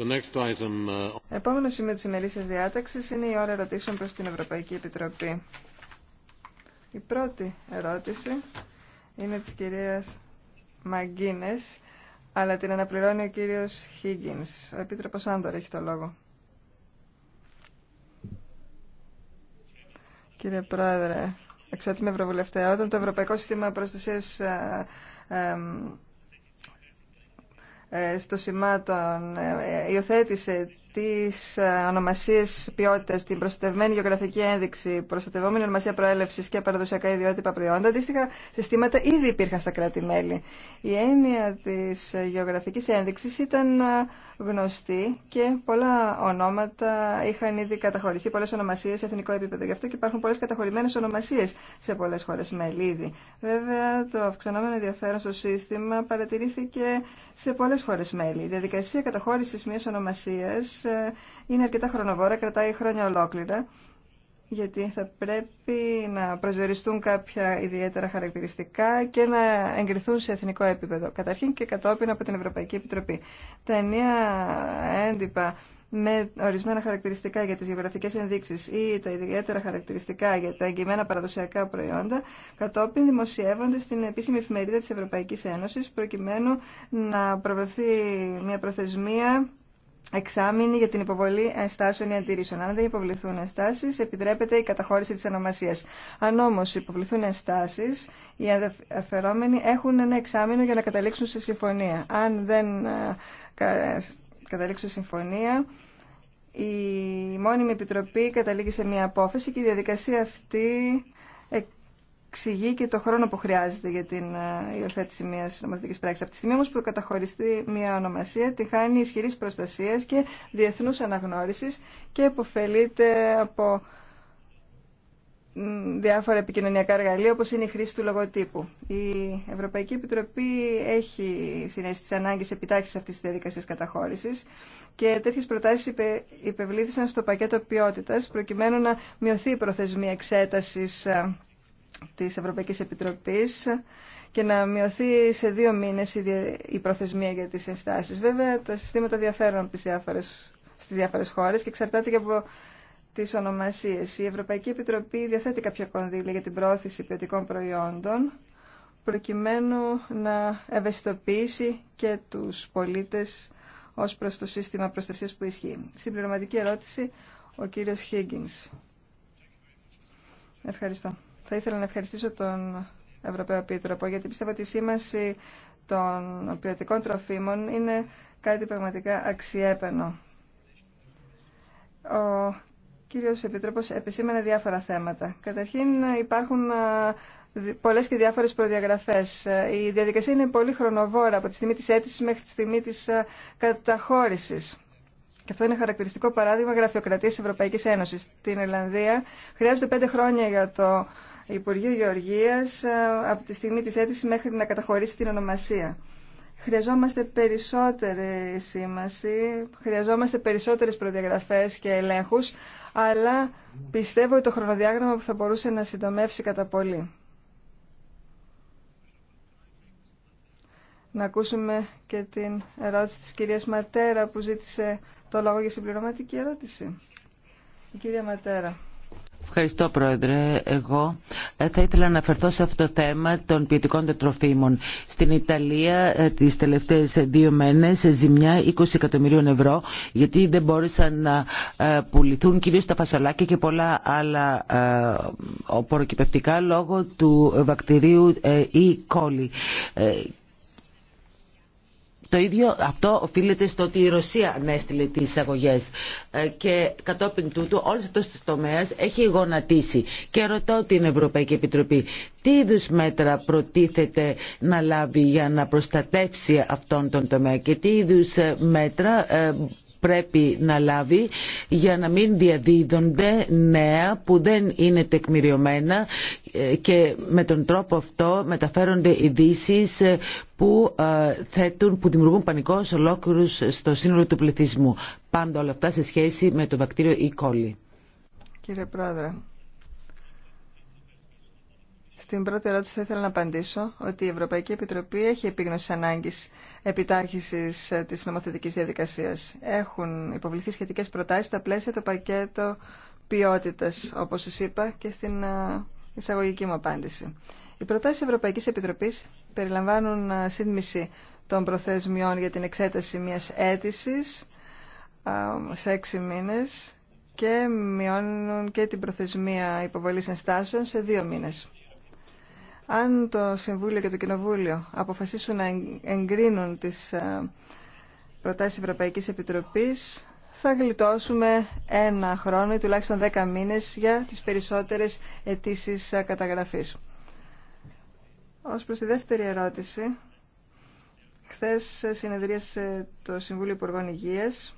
Uh, Επόμενο σημείο της ημερήσιας διάταξης είναι η ώρα ερωτήσεων προς την Ευρωπαϊκή Επιτροπή. Η πρώτη ερώτηση είναι της κυρίας Μαγκίνες, αλλά την αναπληρώνει ο κύριος Χίγκινς. Ο Επίτροπος Άντορ έχει το λόγο. Κύριε Πρόεδρε, εξότιμη Ευρωβουλευτέ, όταν το Ευρωπαϊκό Σύστημα Προστασίας ε, ε, ε, στο σημάτων ε, ε, υιοθέτησε τις ονομασίες ποιότητας, την προστατευμένη γεωγραφική ένδειξη, προστατευόμενη ονομασία προέλευσης και παραδοσιακά ιδιότυπα προϊόντα, αντίστοιχα συστήματα ήδη υπήρχαν στα κράτη-μέλη. Η έννοια της γεωγραφικής ένδειξης ήταν γνωστή και πολλά ονόματα είχαν ήδη καταχωριστεί, πολλές ονομασίες σε εθνικό επίπεδο. Γι' αυτό και υπάρχουν πολλές καταχωρημένες ονομασίες σε πολλές χώρες μέλη ήδη. Βέβαια, το αυξανόμενο ενδιαφέρον στο σύστημα παρατηρήθηκε σε πολλές χώρες μέλη. Η διαδικασία καταχώρησης μιας ονομασίας ε, είναι αρκετά χρονοβόρα, κρατάει χρόνια ολόκληρα γιατί θα πρέπει να προσδιοριστούν κάποια ιδιαίτερα χαρακτηριστικά και να εγκριθούν σε εθνικό επίπεδο. Καταρχήν και κατόπιν από την Ευρωπαϊκή Επιτροπή. Τα ενία έντυπα με ορισμένα χαρακτηριστικά για τις γεωγραφικές ενδείξεις ή τα ιδιαίτερα χαρακτηριστικά για τα εγγυημένα παραδοσιακά προϊόντα κατόπιν δημοσιεύονται στην επίσημη εφημερίδα της Ευρωπαϊκής Ένωσης προκειμένου να προβληθεί μια προθεσμία εξάμεινη για την υποβολή ενστάσεων ή αντιρρήσεων. Αν δεν υποβληθούν ενστάσει, επιτρέπεται η καταχώρηση τη ονομασία. Αν όμω υποβληθούν ενστάσει, οι αφαιρόμενοι έχουν ένα εξάμεινο για να καταλήξουν σε συμφωνία. Αν δεν ε, καταλήξουν σε συμφωνία, η μόνιμη επιτροπή καταλήγει σε μια απόφαση και η διαδικασία αυτή εξηγεί και το χρόνο που χρειάζεται για την ε, υιοθέτηση μια νομοθετική πράξη. Από τη στιγμή όμω που καταχωριστεί μια ονομασία, τη χάνει ισχυρή προστασία και διεθνού αναγνώριση και υποφελείται από διάφορα επικοινωνιακά εργαλεία όπως είναι η χρήση του λογοτύπου. Η Ευρωπαϊκή Επιτροπή έχει συνέστη τις ανάγκες επιτάξεις αυτής της διαδικασίας καταχώρησης και τέτοιες προτάσεις υπε, υπευλήθησαν στο πακέτο ποιότητας προκειμένου να μειωθεί η προθεσμία εξέτασης ε, της Ευρωπαϊκής Επιτροπής και να μειωθεί σε δύο μήνες η προθεσμία για τις ενστάσεις. Βέβαια τα συστήματα διαφέρουν από τις διάφορες, στις διάφορες χώρες και εξαρτάται και από τις ονομασίες. Η Ευρωπαϊκή Επιτροπή διαθέτει κάποια κονδύλια για την πρόθεση ποιοτικών προϊόντων προκειμένου να ευαισθητοποιήσει και τους πολίτες ως προς το σύστημα προστασίας που ισχύει. Συμπληρωματική ερώτηση, ο κύριος Higgins. Ευχαριστώ. Θα ήθελα να ευχαριστήσω τον Ευρωπαίο Επίτροπο γιατί πιστεύω ότι η σήμανση των ποιοτικών τροφίμων είναι κάτι πραγματικά αξιέπαινο. Ο κύριος Επίτροπος επισήμενε διάφορα θέματα. Καταρχήν υπάρχουν πολλές και διάφορες προδιαγραφές. Ε, η διαδικασία είναι πολύ χρονοβόρα από τη στιγμή της αίτησης μέχρι τη στιγμή της καταχώρησης. Και αυτό είναι χαρακτηριστικό παράδειγμα γραφειοκρατίας Ευρωπαϊκής Ένωσης. Στην Ιρλανδία χρειάζεται πέντε χρόνια για το Υπουργείο Γεωργίας ε, από τη στιγμή της αίτηση μέχρι να καταχωρήσει την ονομασία. Χρειαζόμαστε περισσότερη σήμαση, χρειαζόμαστε περισσότερες προδιαγραφές και ελέγχους, αλλά πιστεύω ότι το χρονοδιάγραμμα που θα μπορούσε να συντομεύσει κατά πολύ. Να ακούσουμε και την ερώτηση της κυρίας Ματέρα που ζήτησε το λόγο για συμπληρωματική ερώτηση. Η κυρία Ματέρα. Ευχαριστώ Πρόεδρε. Εγώ ε, θα ήθελα να αναφερθώ σε αυτό το θέμα των ποιοτικών τετροφίμων. Στην Ιταλία ε, τις τελευταίες δύο μέρες ε, ζημιά 20 εκατομμυρίων ευρώ γιατί δεν μπόρεσαν να πουληθούν κυρίως τα φασολάκια και πολλά άλλα προκυπευτικά λόγω του βακτηρίου E. coli. Το ίδιο αυτό οφείλεται στο ότι η Ρωσία ανέστηλε τι εισαγωγέ. Ε, και κατόπιν τούτου όλο αυτό το τομέα έχει γονατίσει. Και ρωτώ την Ευρωπαϊκή Επιτροπή τι είδου μέτρα προτίθεται να λάβει για να προστατεύσει αυτόν τον τομέα και τι είδου ε, μέτρα ε, πρέπει να λάβει για να μην διαδίδονται νέα που δεν είναι τεκμηριωμένα ε, και με τον τρόπο αυτό μεταφέρονται ειδήσει ε, που ε, θέτουν, που δημιουργούν πανικό σε ολόκληρους στο σύνολο του πληθυσμού. Πάντα όλα αυτά σε σχέση με το βακτήριο E. coli. Κύριε Πρόεδρε, στην πρώτη ερώτηση θα ήθελα να απαντήσω ότι η Ευρωπαϊκή Επιτροπή έχει επίγνωση ανάγκης επιτάχυσης ε, της νομοθετικής διαδικασίας. Έχουν υποβληθεί σχετικές προτάσεις στα πλαίσια το πακέτο ποιότητας, όπως σας είπα και στην ε, εισαγωγική μου απάντηση. Οι προτάσεις Ευρωπαϊκής Επιτροπής περιλαμβάνουν ε, σύντμηση των προθεσμιών για την εξέταση μιας αίτησης σε έξι μήνες και μειώνουν και την προθεσμία υποβολής ενστάσεων σε δύο μήνες. Αν το Συμβούλιο και το Κοινοβούλιο αποφασίσουν να εγκρίνουν τις ε, προτάσεις Ευρωπαϊκής Επιτροπής, θα γλιτώσουμε ένα χρόνο ή τουλάχιστον δέκα μήνες για τις περισσότερες αιτήσει ε, καταγραφής. Ως προς τη δεύτερη ερώτηση, χθες συνεδρίασε το Συμβούλιο Υπουργών Υγείας,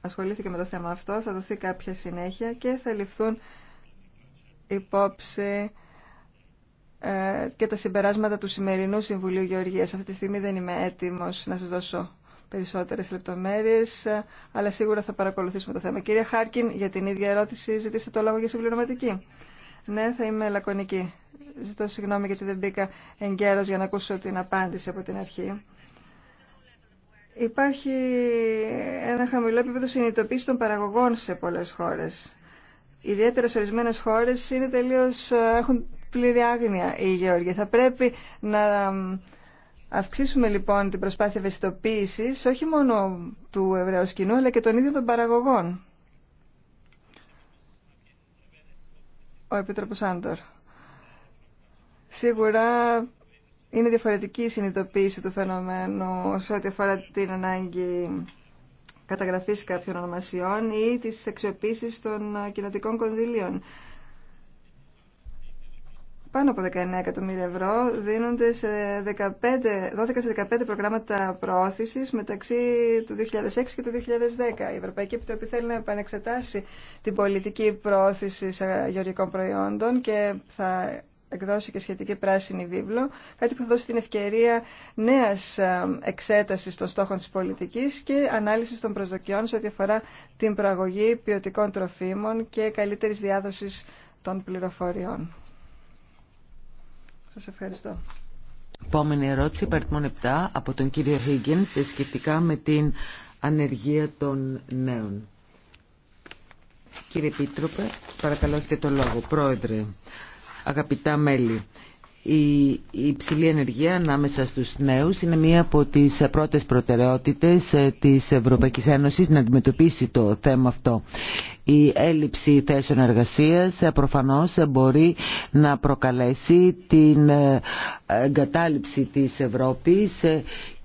ασχολήθηκε με το θέμα αυτό, θα δοθεί κάποια συνέχεια και θα ληφθούν υπόψη ε, και τα συμπεράσματα του σημερινού Συμβουλίου Γεωργίας. Αυτή τη στιγμή δεν είμαι έτοιμος να σας δώσω περισσότερες λεπτομέρειες, αλλά σίγουρα θα παρακολουθήσουμε το θέμα. Κυρία Χάρκιν, για την ίδια ερώτηση ζητήσε το λόγο για συμπληρωματική. Ναι, θα είμαι λακωνική. Ζητώ συγγνώμη γιατί δεν μπήκα εγκαίρως για να ακούσω την απάντηση από την αρχή. Υπάρχει ένα χαμηλό επίπεδο συνειδητοποίηση των παραγωγών σε πολλές χώρες. Ιδιαίτερα σε ορισμένε χώρες είναι τελείως, έχουν πλήρη άγνοια η Γεωργία. Θα πρέπει να αυξήσουμε λοιπόν την προσπάθεια ευαισθητοποίηση όχι μόνο του Εβραίου κοινού αλλά και των ίδιων των παραγωγών. Ο επίτροπο Άντορ. Σίγουρα είναι διαφορετική η συνειδητοποίηση του φαινομένου σε ό,τι αφορά την ανάγκη καταγραφής κάποιων ονομασιών ή της αξιοποίησης των κοινοτικών κονδυλίων πάνω από 19 εκατομμύρια ευρώ δίνονται σε 15, 12 σε 15 προγράμματα προώθησης μεταξύ του 2006 και του 2010. Η Ευρωπαϊκή Επιτροπή θέλει να επανεξετάσει την πολιτική προώθηση γεωργικών προϊόντων και θα εκδώσει και σχετική πράσινη βίβλο, κάτι που θα δώσει την ευκαιρία νέας ε, εξέτασης των στόχων της πολιτικής και ανάλυσης των προσδοκιών σε ό,τι αφορά την προαγωγή ποιοτικών τροφίμων και καλύτερης διάδοσης των πληροφοριών. Σας ευχαριστώ. Επόμενη ερώτηση, παριθμόν 7, από τον κύριο σε σχετικά με την ανεργία των νέων. Κύριε Επίτροπε, παρακαλώ έχετε το λόγο. Πρόεδρε, αγαπητά μέλη, η υψηλή ενεργεία ανάμεσα στους νέους είναι μία από τις πρώτες προτεραιότητες ε, της Ευρωπαϊκής Ένωσης να αντιμετωπίσει το θέμα αυτό. Η έλλειψη θέσεων εργασίας ε, προφανώς ε, μπορεί να προκαλέσει την εγκατάλειψη της Ευρώπης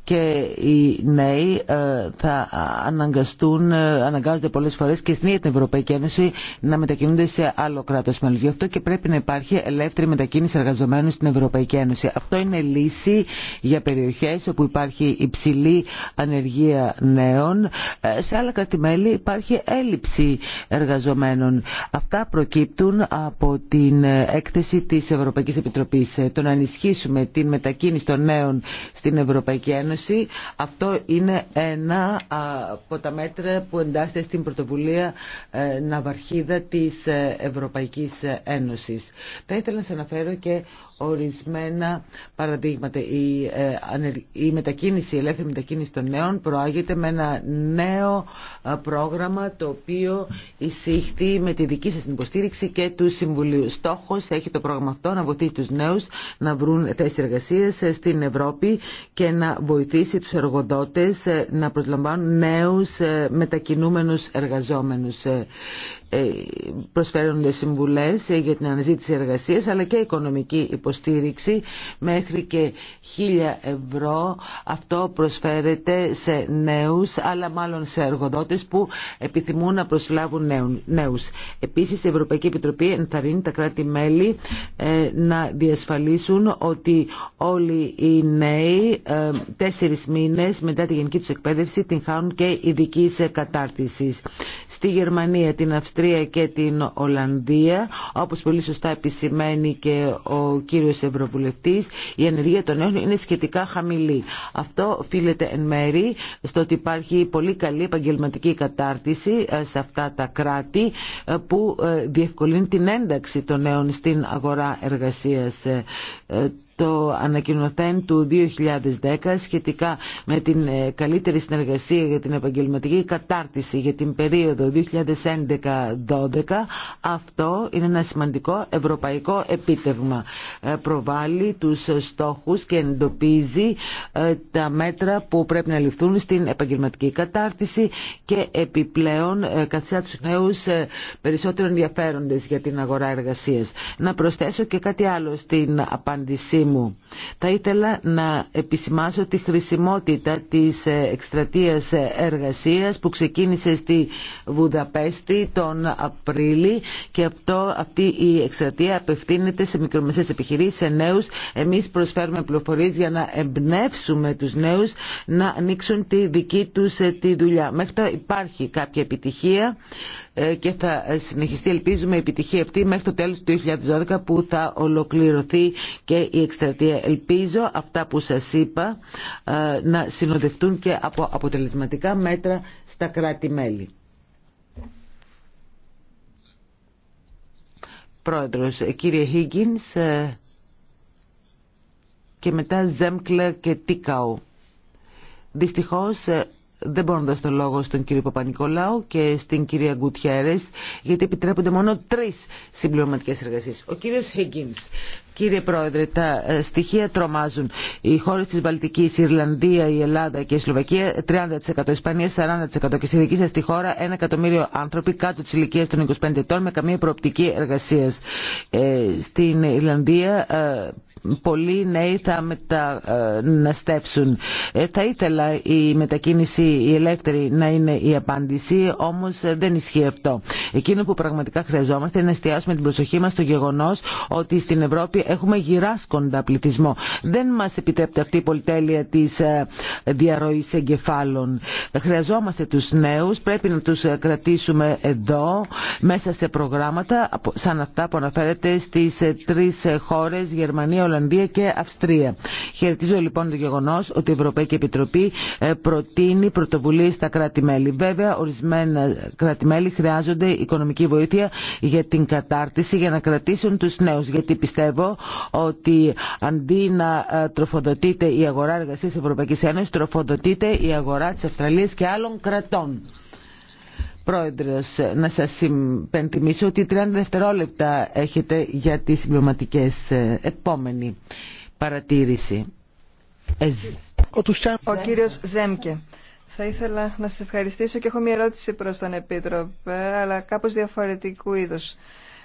και οι νέοι ε, θα αναγκαστούν, ε, αναγκάζονται πολλές φορές και στην ίδια την Ευρωπαϊκή Ένωση να μετακινούνται σε άλλο κράτος μέλος. Γι' αυτό και πρέπει να υπάρχει ελεύθερη μετακίνηση εργαζομένων στην Ευρωπαϊκή Ένωση. Αυτό είναι λύση για περιοχές όπου υπάρχει υψηλή ανεργία νέων. Ε, σε άλλα κρατη κράτη-μέλη υπάρχει έλλειψη εργαζομένων. Αυτά προκύπτουν από την έκθεση της Ευρωπαϊκής Επιτροπής. Το να ενισχύσουμε την μετακίνηση των νέων στην Ευρωπαϊκή Ένωση αυτό είναι ένα από τα μέτρα που εντάσσεται στην πρωτοβουλία ε, Ναυαρχίδα της ε, Ευρωπαϊκής Ένωσης. Θα ήθελα να σας αναφέρω και ορισμένα παραδείγματα. Ε, η, μετακίνηση, η ελεύθερη μετακίνηση των νέων προάγεται με ένα νέο πρόγραμμα το οποίο εισήχθη με τη δική σας υποστήριξη και του Συμβουλίου. Στόχος έχει το πρόγραμμα αυτό να βοηθήσει τους νέους να βρουν θέσεις εργασίας στην Ευρώπη και να βοηθήσουν βοηθήσει τους εργοδότες ε, να προσλαμβάνουν νέους ε, μετακινούμενους εργαζόμενους ε, προσφέρονται συμβουλές για την αναζήτηση εργασίας αλλά και οικονομική υποστήριξη μέχρι και χίλια ευρώ αυτό προσφέρεται σε νέους αλλά μάλλον σε εργοδότες που επιθυμούν να προσλάβουν νέους. Επίσης η Ευρωπαϊκή Επιτροπή ενθαρρύνει τα κράτη-μέλη να διασφαλίσουν ότι όλοι οι νέοι τέσσερις μήνες μετά τη γενική τους εκπαίδευση την χάνουν και ειδική κατάρτιση. Στη Γερμανία, την Αυστρία και την Ολλανδία, όπως πολύ σωστά επισημαίνει και ο κύριος Ευρωβουλευτής, η ενεργεία των νέων είναι σχετικά χαμηλή. Αυτό οφείλεται εν μέρη στο ότι υπάρχει πολύ καλή επαγγελματική κατάρτιση ε, σε αυτά τα κράτη ε, που ε, διευκολύνει την ένταξη των νέων στην αγορά εργασίας το ανακοινωθέν του 2010 σχετικά με την ε, καλύτερη συνεργασία για την επαγγελματική κατάρτιση για την περίοδο 2011-2012 αυτό είναι ένα σημαντικό ευρωπαϊκό επίτευγμα. Ε, προβάλλει τους στόχους και εντοπίζει ε, τα μέτρα που πρέπει να ληφθούν στην επαγγελματική κατάρτιση και επιπλέον καθιστά τους νέους περισσότερο ενδιαφέροντες για την αγορά εργασίας. Να προσθέσω και κάτι άλλο στην απάντησή θα ήθελα να επισημάσω τη χρησιμότητα της ε, εκστρατείας ε, εργασίας που ξεκίνησε στη Βουδαπέστη τον Απρίλη και αυτό, αυτή η εκστρατεία απευθύνεται σε μικρομεσαίες επιχειρήσεις, σε νέους. Εμείς προσφέρουμε πληροφορίες για να εμπνεύσουμε τους νέους να ανοίξουν τη δική τους ε, τη δουλειά. Μέχρι τώρα υπάρχει κάποια επιτυχία και θα συνεχιστεί ελπίζουμε η επιτυχία αυτή μέχρι το τέλος του 2012 που θα ολοκληρωθεί και η εκστρατεία εκστρατεία. Ελπίζω αυτά που σας είπα ε, να συνοδευτούν και από αποτελεσματικά μέτρα στα κράτη-μέλη. Πρόεδρος, ε, κύριε Higgins ε, και μετά Ζέμκλερ και Τίκαου. Δυστυχώς δεν μπορώ να δώσω το λόγο στον κύριο Παπα-Νικολάου και στην κυρία Γκουτιέρε, γιατί επιτρέπονται μόνο τρει συμπληρωματικέ εργασίε. Ο κύριο Χίγκιν. Κύριε Πρόεδρε, τα ε, στοιχεία τρομάζουν. Οι χώρε τη Βαλτική, η Ιρλανδία, η Ελλάδα και η Σλοβακία, 30%, η Ισπανία 40% και στη δική σα τη χώρα ένα εκατομμύριο άνθρωποι κάτω τη ηλικία των 25 ετών με καμία προοπτική εργασία. Ε, στην Ιρλανδία ε, πολλοί νέοι θα μεταναστεύσουν. Ε, θα ήθελα η μετακίνηση η ελεύθερη να είναι η απάντηση, όμως ε, δεν ισχύει αυτό. Εκείνο που πραγματικά χρειαζόμαστε είναι να εστιάσουμε την προσοχή μας στο γεγονός ότι στην Ευρώπη έχουμε γυράσκοντα πληθυσμό. Δεν μας επιτρέπεται αυτή η πολυτέλεια της ε, διαρροής εγκεφάλων. Χρειαζόμαστε τους νέους, πρέπει να τους κρατήσουμε εδώ, μέσα σε προγράμματα σαν αυτά που αναφέρεται στις τρεις χώρες, Γερμανία, Ολλανδία και Αυστρία. Χαιρετίζω λοιπόν το γεγονό ότι η Ευρωπαϊκή Επιτροπή ε, προτείνει πρωτοβουλίε στα κράτη-μέλη. Βέβαια, ορισμένα κράτη-μέλη χρειάζονται οικονομική βοήθεια για την κατάρτιση για να κρατήσουν του νέου. Γιατί πιστεύω ότι αντί να ε, τροφοδοτείται η αγορά εργασία Ευρωπαϊκή Ένωση, τροφοδοτείται η αγορά τη Αυστραλία και άλλων κρατών. Πρόεδρος, να σας υπενθυμίσω ότι 30 δευτερόλεπτα έχετε για τις συμπληρωματικέ ε, επόμενη παρατήρηση. Ε, Ο κύριος Ζέμκε. Θα ήθελα να σας ευχαριστήσω και έχω μια ερώτηση προς τον Επίτροπε, αλλά κάπως διαφορετικού είδους.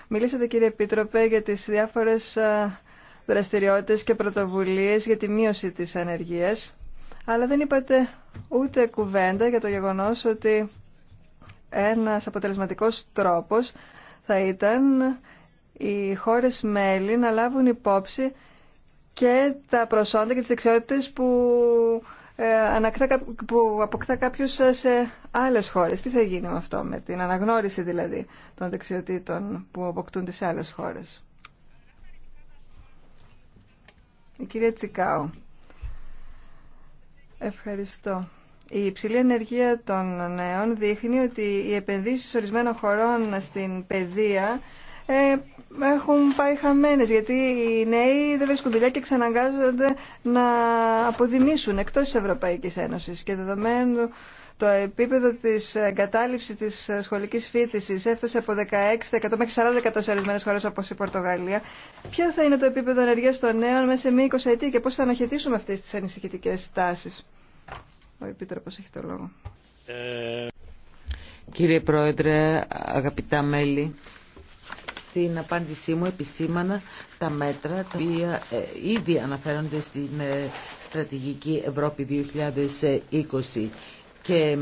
Μιλήσατε κύριε Επίτροπε για τις διάφορες ε, δραστηριότητες και πρωτοβουλίες για τη μείωση της ανεργίας, αλλά δεν είπατε ούτε κουβέντα για το γεγονός ότι ένας αποτελεσματικός τρόπος θα ήταν οι χώρες μέλη να λάβουν υπόψη και τα προσόντα και τις δεξιότητες που, ε, ανακτά, που αποκτά κάποιος σε άλλες χώρες. Τι θα γίνει με αυτό, με την αναγνώριση δηλαδή των δεξιοτήτων που αποκτούνται σε άλλες χώρες. Η κυρία Τσικάου. Ευχαριστώ. Η υψηλή ενεργεία των νέων δείχνει ότι οι επενδύσεις ορισμένων χωρών στην παιδεία ε, έχουν πάει χαμένες γιατί οι νέοι δεν βρίσκουν δουλειά και ξαναγκάζονται να αποδημήσουν εκτός της Ευρωπαϊκής Ένωσης και δεδομένου το επίπεδο της εγκατάλειψης της σχολικής φίτησης έφτασε από 16% μέχρι 40% σε ορισμένες χώρες όπως η Πορτογαλία. Ποιο θα είναι το επίπεδο ενεργείας των νέων μέσα σε μία 20 ετία και πώς θα αναχαιτήσουμε αυτές τις ανησυχητικές τάσει. Ε. Κύριε Πρόεδρε, αγαπητά μέλη, στην απάντησή μου επισήμανα τα μέτρα τα οποία ε, ήδη αναφέρονται στην ε, στρατηγική Ευρώπη 2020. Και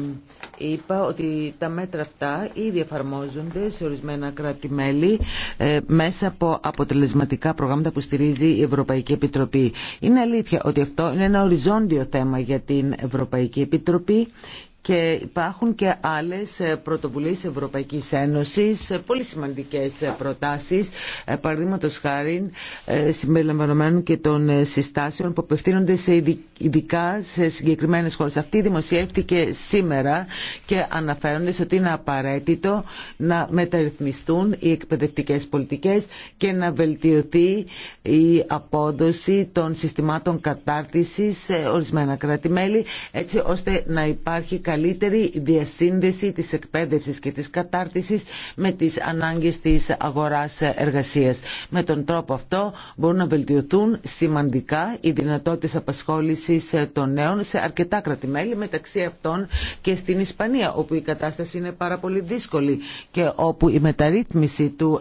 είπα ότι τα μέτρα αυτά ήδη εφαρμόζονται σε ορισμένα κράτη-μέλη ε, μέσα από αποτελεσματικά προγράμματα που στηρίζει η Ευρωπαϊκή Επιτροπή. Είναι αλήθεια ότι αυτό είναι ένα οριζόντιο θέμα για την Ευρωπαϊκή Επιτροπή και υπάρχουν και άλλες ε, πρωτοβουλίες Ευρωπαϊκής Ένωσης, ε, πολύ σημαντικές ε, προτάσεις, παραδείγματο χάρη συμπεριλαμβανομένων και των συστάσεων που απευθύνονται σε ειδικά σε συγκεκριμένες χώρες. Αυτή δημοσιεύτηκε σήμερα και αναφέρονται ότι είναι απαραίτητο να μεταρρυθμιστούν οι εκπαιδευτικές πολιτικές και να βελτιωθεί η απόδοση των συστημάτων κατάρτισης σε ορισμένα κράτη-μέλη, έτσι ώστε να υπάρχει καλύτερη διασύνδεση της εκπαίδευσης και της κατάρτισης με τις ανάγκες της αγοράς εργασίας. Με τον τρόπο αυτό μπορούν να βελτιωθούν σημαντικά οι δυνατότητες απασχόλησης των νέων σε αρκετά κρατημέλη, μεταξύ αυτών και στην Ισπανία, όπου η κατάσταση είναι πάρα πολύ δύσκολη και όπου η μεταρρύθμιση του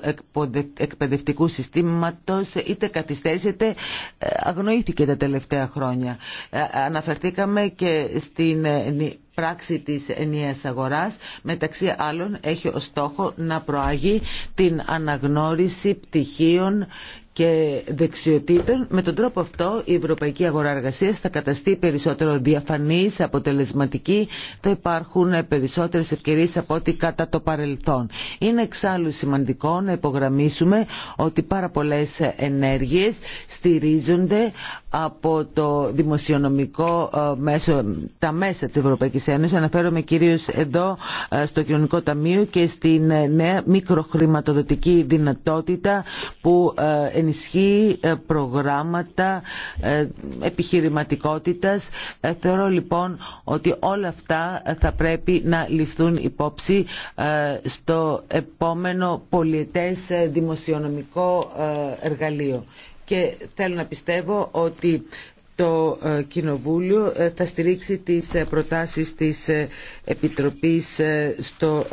εκπαιδευτικού συστήματος είτε καθυστέρησεται, ε, αγνοήθηκε τα τελευταία χρόνια. Ε, αναφερθήκαμε και στην ε, πράξη της ενιαίας αγοράς μεταξύ άλλων έχει ως στόχο να προάγει την αναγνώριση πτυχίων και δεξιοτήτων. Με τον τρόπο αυτό η ευρωπαϊκή αγορά εργασίας θα καταστεί περισσότερο διαφανής, αποτελεσματική, θα υπάρχουν περισσότερες ευκαιρίες από ό,τι κατά το παρελθόν. Είναι εξάλλου σημαντικό να υπογραμμίσουμε ότι πάρα πολλές ενέργειες στηρίζονται από το δημοσιονομικό ε, μέσο, τα μέσα της Ευρωπαϊκής Ένωσης. Αναφέρομαι κυρίως εδώ ε, στο Κοινωνικό Ταμείο και στην ε, νέα μικροχρηματοδοτική δυνατότητα που ενισχύει ε, προγράμματα ε, επιχειρηματικότητας. Ε, θεωρώ λοιπόν ότι όλα αυτά θα πρέπει να ληφθούν υπόψη στο επόμενο πολιετές δημοσιονομικό εργαλείο. Και θέλω να πιστεύω ότι το Κοινοβούλιο θα στηρίξει τις προτάσεις της Επιτροπής στο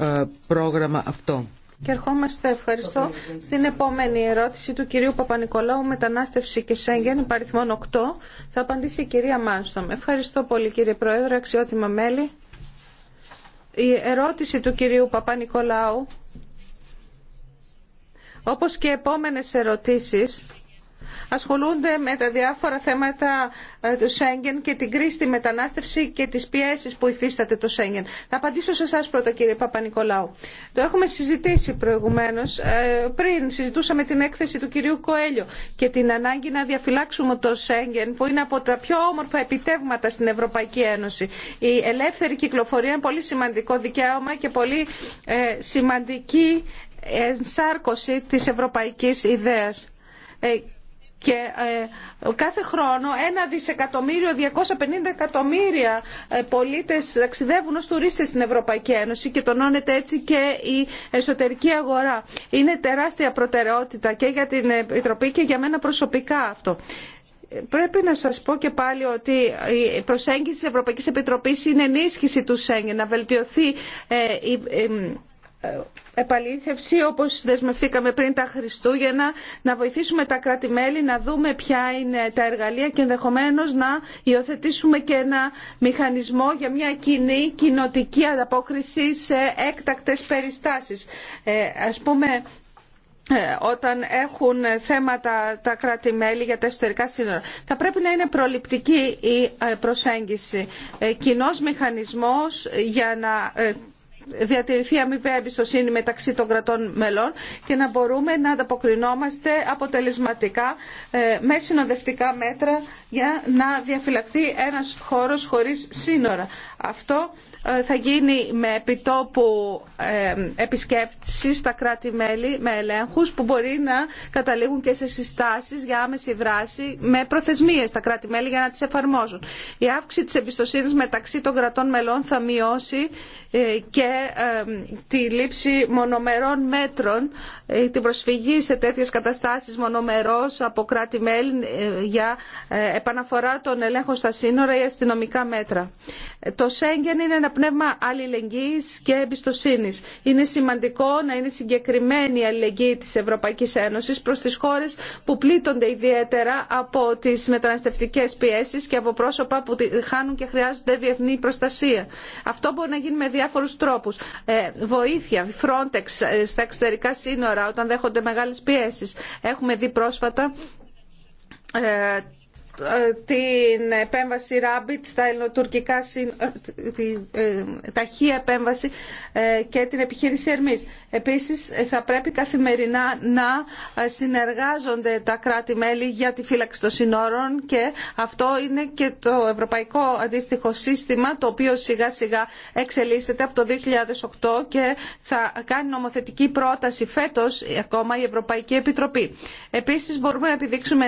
πρόγραμμα αυτό. Και ερχόμαστε, ευχαριστώ, στην επόμενη ερώτηση του κυρίου Παπα-Νικολάου, μετανάστευση και Σέγγεν, υπαριθμών 8. Θα απαντήσει η κυρία Μάνστομ. Ευχαριστώ πολύ κύριε Πρόεδρε, αξιότιμα μέλη. Η ερώτηση του κυρίου Παπα-Νικολάου, όπως και επόμενες ερωτήσεις, ασχολούνται με τα διάφορα θέματα ε, του Σέγγεν και την κρίση, τη μετανάστευση και τις πιέσεις που υφίσταται το Σέγγεν. Θα απαντήσω σε εσά πρώτα κύριε Παπα-Νικολάου. Το έχουμε συζητήσει προηγουμένως, ε, πριν συζητούσαμε την έκθεση του κυρίου Κοέλιο και την ανάγκη να διαφυλάξουμε το Σέγγεν που είναι από τα πιο όμορφα επιτεύγματα στην Ευρωπαϊκή Ένωση. Η ελεύθερη κυκλοφορία είναι πολύ σημαντικό δικαίωμα και πολύ ε, σημαντική ενσάρκωση της ευρωπαϊκής ιδέας και ε, κάθε χρόνο ένα δισεκατομμύριο, 250 εκατομμύρια ε, πολίτες ταξιδεύουν ως τουρίστες στην Ευρωπαϊκή Ένωση και τονώνεται έτσι και η εσωτερική αγορά. Είναι τεράστια προτεραιότητα και για την Επιτροπή και για μένα προσωπικά αυτό. Πρέπει να σας πω και πάλι ότι η προσέγγιση της Ευρωπαϊκής Επιτροπής είναι ενίσχυση του ΣΕΝΓΕ, να βελτιωθεί ε, ε, επαλήθευση όπως δεσμευτήκαμε πριν τα Χριστούγεννα να βοηθήσουμε τα κράτη-μέλη να δούμε ποια είναι τα εργαλεία και ενδεχομένως να υιοθετήσουμε και ένα μηχανισμό για μια κοινή κοινοτική ανταπόκριση σε έκτακτες περιστάσεις. Ε, ας πούμε ε, όταν έχουν θέματα τα κράτη-μέλη για τα εσωτερικά σύνορα. Θα πρέπει να είναι προληπτική η ε, προσέγγιση. Κοινός μηχανισμός για να διατηρηθεί αμοιβαία εμπιστοσύνη μεταξύ των κρατών μελών και να μπορούμε να ανταποκρινόμαστε αποτελεσματικά ε, με συνοδευτικά μέτρα για να διαφυλαχθεί ένας χώρος χωρίς σύνορα. Αυτό ε, θα γίνει με επιτόπου ε, επισκέψεις στα κράτη-μέλη με ελέγχους που μπορεί να καταλήγουν και σε συστάσεις για άμεση δράση με προθεσμίες στα κράτη-μέλη για να τις εφαρμόζουν. Η αύξηση της εμπιστοσύνης μεταξύ των κρατών μελών θα μειώσει ε, και τη λήψη μονομερών μέτρων, την προσφυγή σε τέτοιες καταστάσεις μονομερός από κράτη-μέλη για επαναφορά των ελέγχων στα σύνορα ή αστυνομικά μέτρα. Το Σέγγεν είναι ένα ένα πνεύμα αλληλεγγύης και εμπιστοσύνης. Είναι σημαντικό να είναι συγκεκριμένη η αλληλεγγύη της Ευρωπαϊκής Ένωσης προς τις χώρες που πλήττονται ιδιαίτερα από τις μεταναστευτικές πιέσεις και από πρόσωπα που χάνουν και χρειάζονται διεθνή προστασία. Αυτό μπορεί να γίνει με διάφορους τρόπους. Ε, βοήθεια, Frontex ε, στα εξωτερικά σύνορα όταν δέχονται μεγάλες πιέσεις. Έχουμε δει πρόσφατα ε, την επέμβαση Rabbit στα ελληνοτουρκικά ε, ε, ταχεία επέμβαση ε, και την επιχείρηση Ερμής. Επίσης θα πρέπει καθημερινά να συνεργάζονται τα κράτη-μέλη για τη φύλαξη των συνόρων και αυτό είναι και το ευρωπαϊκό αντίστοιχο σύστημα το οποίο σιγά σιγά εξελίσσεται από το 2008 και θα κάνει νομοθετική πρόταση φέτος ακόμα η Ευρωπαϊκή Επιτροπή. Επίσης μπορούμε να επιδείξουμε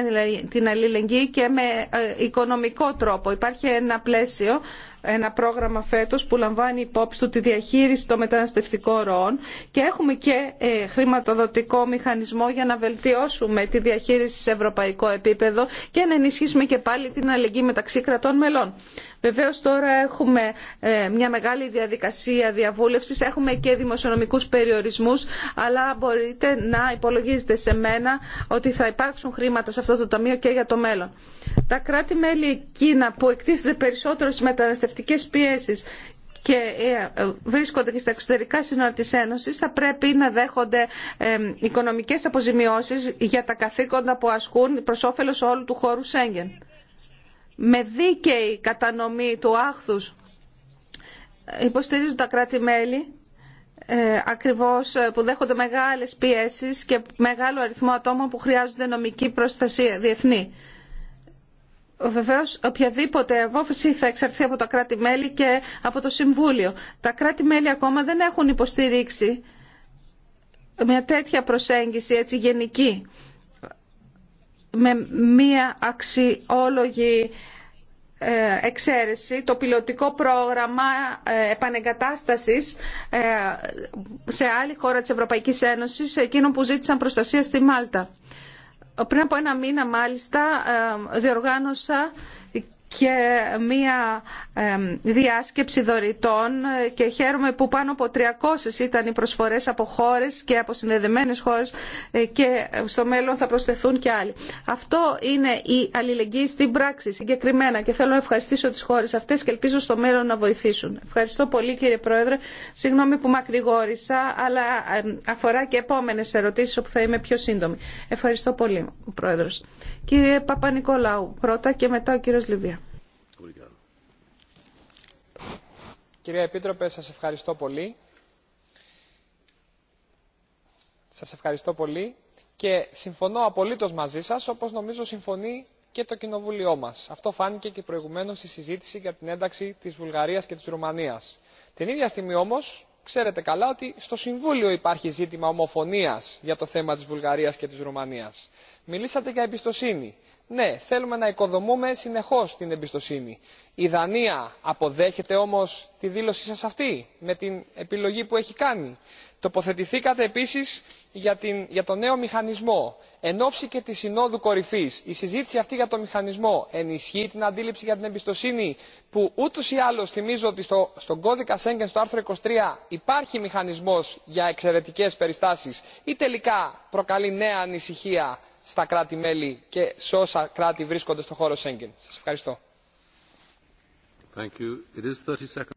την αλληλεγγύη και με με ε, οικονομικό τρόπο. Υπάρχει ένα πλαίσιο, ένα πρόγραμμα φέτος που λαμβάνει υπόψη του τη διαχείριση των μεταναστευτικών ροών και έχουμε και ε, χρηματοδοτικό μηχανισμό για να βελτιώσουμε τη διαχείριση σε ευρωπαϊκό επίπεδο και να ενισχύσουμε και πάλι την αλληλεγγύη μεταξύ κρατών μελών. Βεβαίως τώρα έχουμε ε, μια μεγάλη διαδικασία διαβούλευσης, έχουμε και δημοσιονομικούς περιορισμούς, αλλά μπορείτε να υπολογίζετε σε μένα ότι θα υπάρξουν χρήματα σε αυτό το ταμείο και για το μέλλον. Τα κράτη-μέλη εκείνα που εκτίθεται περισσότερο στις μεταναστευτικές πιέσεις και ε, βρίσκονται και στα εξωτερικά σύνορα της Ένωσης θα πρέπει να δέχονται οικονομικές αποζημιώσεις για τα καθήκοντα που ασκούν προς όφελος όλου του χώρου Σέγγεν με δίκαιη κατανομή του άχθους ε, υποστηρίζουν τα κράτη-μέλη ε, ακριβώς ε, που δέχονται μεγάλες πιέσεις και μεγάλο αριθμό ατόμων που χρειάζονται νομική προστασία διεθνή. Βεβαίω, οποιαδήποτε απόφαση θα εξαρθεί από τα κράτη-μέλη και από το Συμβούλιο. Τα κράτη-μέλη ακόμα δεν έχουν υποστηρίξει μια τέτοια προσέγγιση έτσι γενική με μια αξιόλογη ε, εξαίρεση το πιλωτικό πρόγραμμα ε, επανεγκατάστασης ε, σε άλλη χώρα της Ευρωπαϊκής Ένωσης εκείνων που ζήτησαν προστασία στη Μάλτα. Πριν από ένα μήνα μάλιστα διοργάνωσα και μία διάσκεψη δωρητών και χαίρομαι που πάνω από 300 ήταν οι προσφορές από χώρες και από συνδεδεμένες χώρες ε, και στο μέλλον θα προσθεθούν και άλλοι. Αυτό είναι η αλληλεγγύη στην πράξη συγκεκριμένα και θέλω να ευχαριστήσω τις χώρες αυτές και ελπίζω στο μέλλον να βοηθήσουν. Ευχαριστώ πολύ κύριε Πρόεδρε. Συγγνώμη που μακρηγόρησα αλλά αφορά και επόμενες ερωτήσεις όπου θα είμαι πιο σύντομη. Ευχαριστώ πολύ ο Πρόεδρος. Κύριε Παπα-Νικολάου πρώτα και μετά ο κύριος Λιβία. Κυρία Επίτροπε, σας ευχαριστώ πολύ. Σας ευχαριστώ πολύ και συμφωνώ απολύτως μαζί σας, όπως νομίζω συμφωνεί και το Κοινοβούλιο μας. Αυτό φάνηκε και προηγουμένως στη συζήτηση για την ένταξη της Βουλγαρίας και της Ρουμανίας. Την ίδια στιγμή όμως, ξέρετε καλά ότι στο Συμβούλιο υπάρχει ζήτημα ομοφωνίας για το θέμα της Βουλγαρίας και της Ρουμανίας. Μιλήσατε για εμπιστοσύνη. Ναι, θέλουμε να οικοδομούμε συνεχώ την εμπιστοσύνη. Η Δανία αποδέχεται όμω τη δήλωσή σα, αυτή με την επιλογή που έχει κάνει. Τοποθετηθήκατε επίση για, τον το νέο μηχανισμό. Εν ώψη και τη Συνόδου Κορυφής, η συζήτηση αυτή για το μηχανισμό ενισχύει την αντίληψη για την εμπιστοσύνη που ούτω ή άλλω θυμίζω ότι στο, στον κώδικα Σέγγεν στο άρθρο 23 υπάρχει μηχανισμό για εξαιρετικέ περιστάσει ή τελικά προκαλεί νέα ανησυχία στα κράτη μέλη και σε όσα κράτη βρίσκονται στον χώρο Σέγγεν. Σας ευχαριστώ.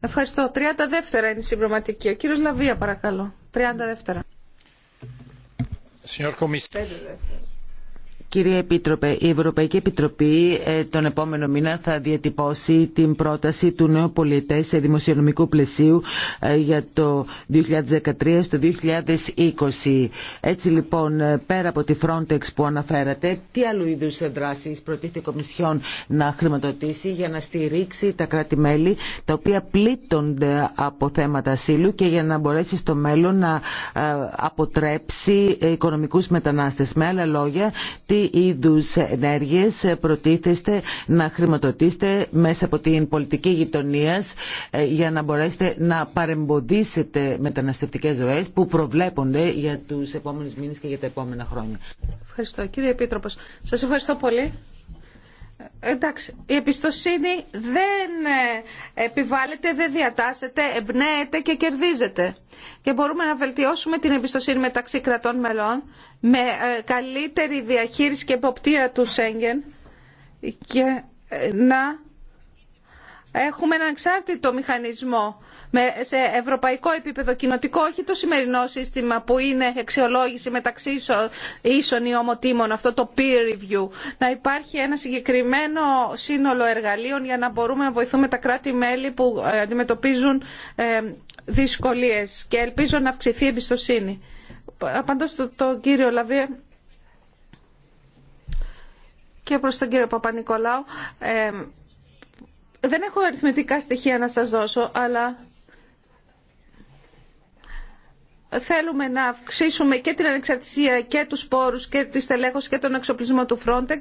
ευχαριστώ. 30 δεύτερα είναι η συμπροματική. Ο κύριος Λαβία παρακαλώ. 32 32η. Señor Κύριε Επίτροπε, η Ευρωπαϊκή Επιτροπή ε, τον επόμενο μήνα θα διατυπώσει την πρόταση του νέου πολιτέ σε δημοσιονομικού πλαισίου ε, για το 2013 στο 2020. Έτσι λοιπόν, ε, πέρα από τη Frontex που αναφέρατε, τι άλλου είδου δράσει προτίθεται η Κομισιόν να χρηματοδοτήσει για να στηρίξει τα κράτη-μέλη τα οποία πλήττονται από θέματα ασύλου και για να μπορέσει στο μέλλον να αποτρέψει οικονομικού μετανάστε. Με άλλα λόγια, είδου είδους ενέργειες προτίθεστε να χρηματοδοτήσετε μέσα από την πολιτική γειτονία ε, για να μπορέσετε να παρεμποδίσετε μεταναστευτικές ροές που προβλέπονται για τους επόμενους μήνες και για τα επόμενα χρόνια. Ευχαριστώ. Κύριε Επίτροπος, σας ευχαριστώ πολύ. Εντάξει, η εμπιστοσύνη δεν ε, επιβάλλεται, δεν διατάσσεται, εμπνέεται και κερδίζεται. Και μπορούμε να βελτιώσουμε την εμπιστοσύνη μεταξύ κρατών μελών με ε, καλύτερη διαχείριση και εποπτεία του Σέγγεν και ε, να Έχουμε έναν εξάρτητο μηχανισμό σε ευρωπαϊκό επίπεδο κοινοτικό, όχι το σημερινό σύστημα που είναι αξιολόγηση μεταξύ ίσων ή ομοτήμων, αυτό το peer review. Να υπάρχει ένα συγκεκριμένο σύνολο εργαλείων για να μπορούμε να βοηθούμε τα κράτη-μέλη που ε, αντιμετωπίζουν ε, δυσκολίες και ελπίζω να αυξηθεί η εμπιστοσύνη. Απαντώ στον κύριο Λαβία και προς τον κύριο Παπα-Νικολάου. Ε, δεν έχω αριθμητικά στοιχεία να σας δώσω, αλλά θέλουμε να αυξήσουμε και την ανεξαρτησία και τους πόρους και τη στελέχωση και τον εξοπλισμό του Frontex,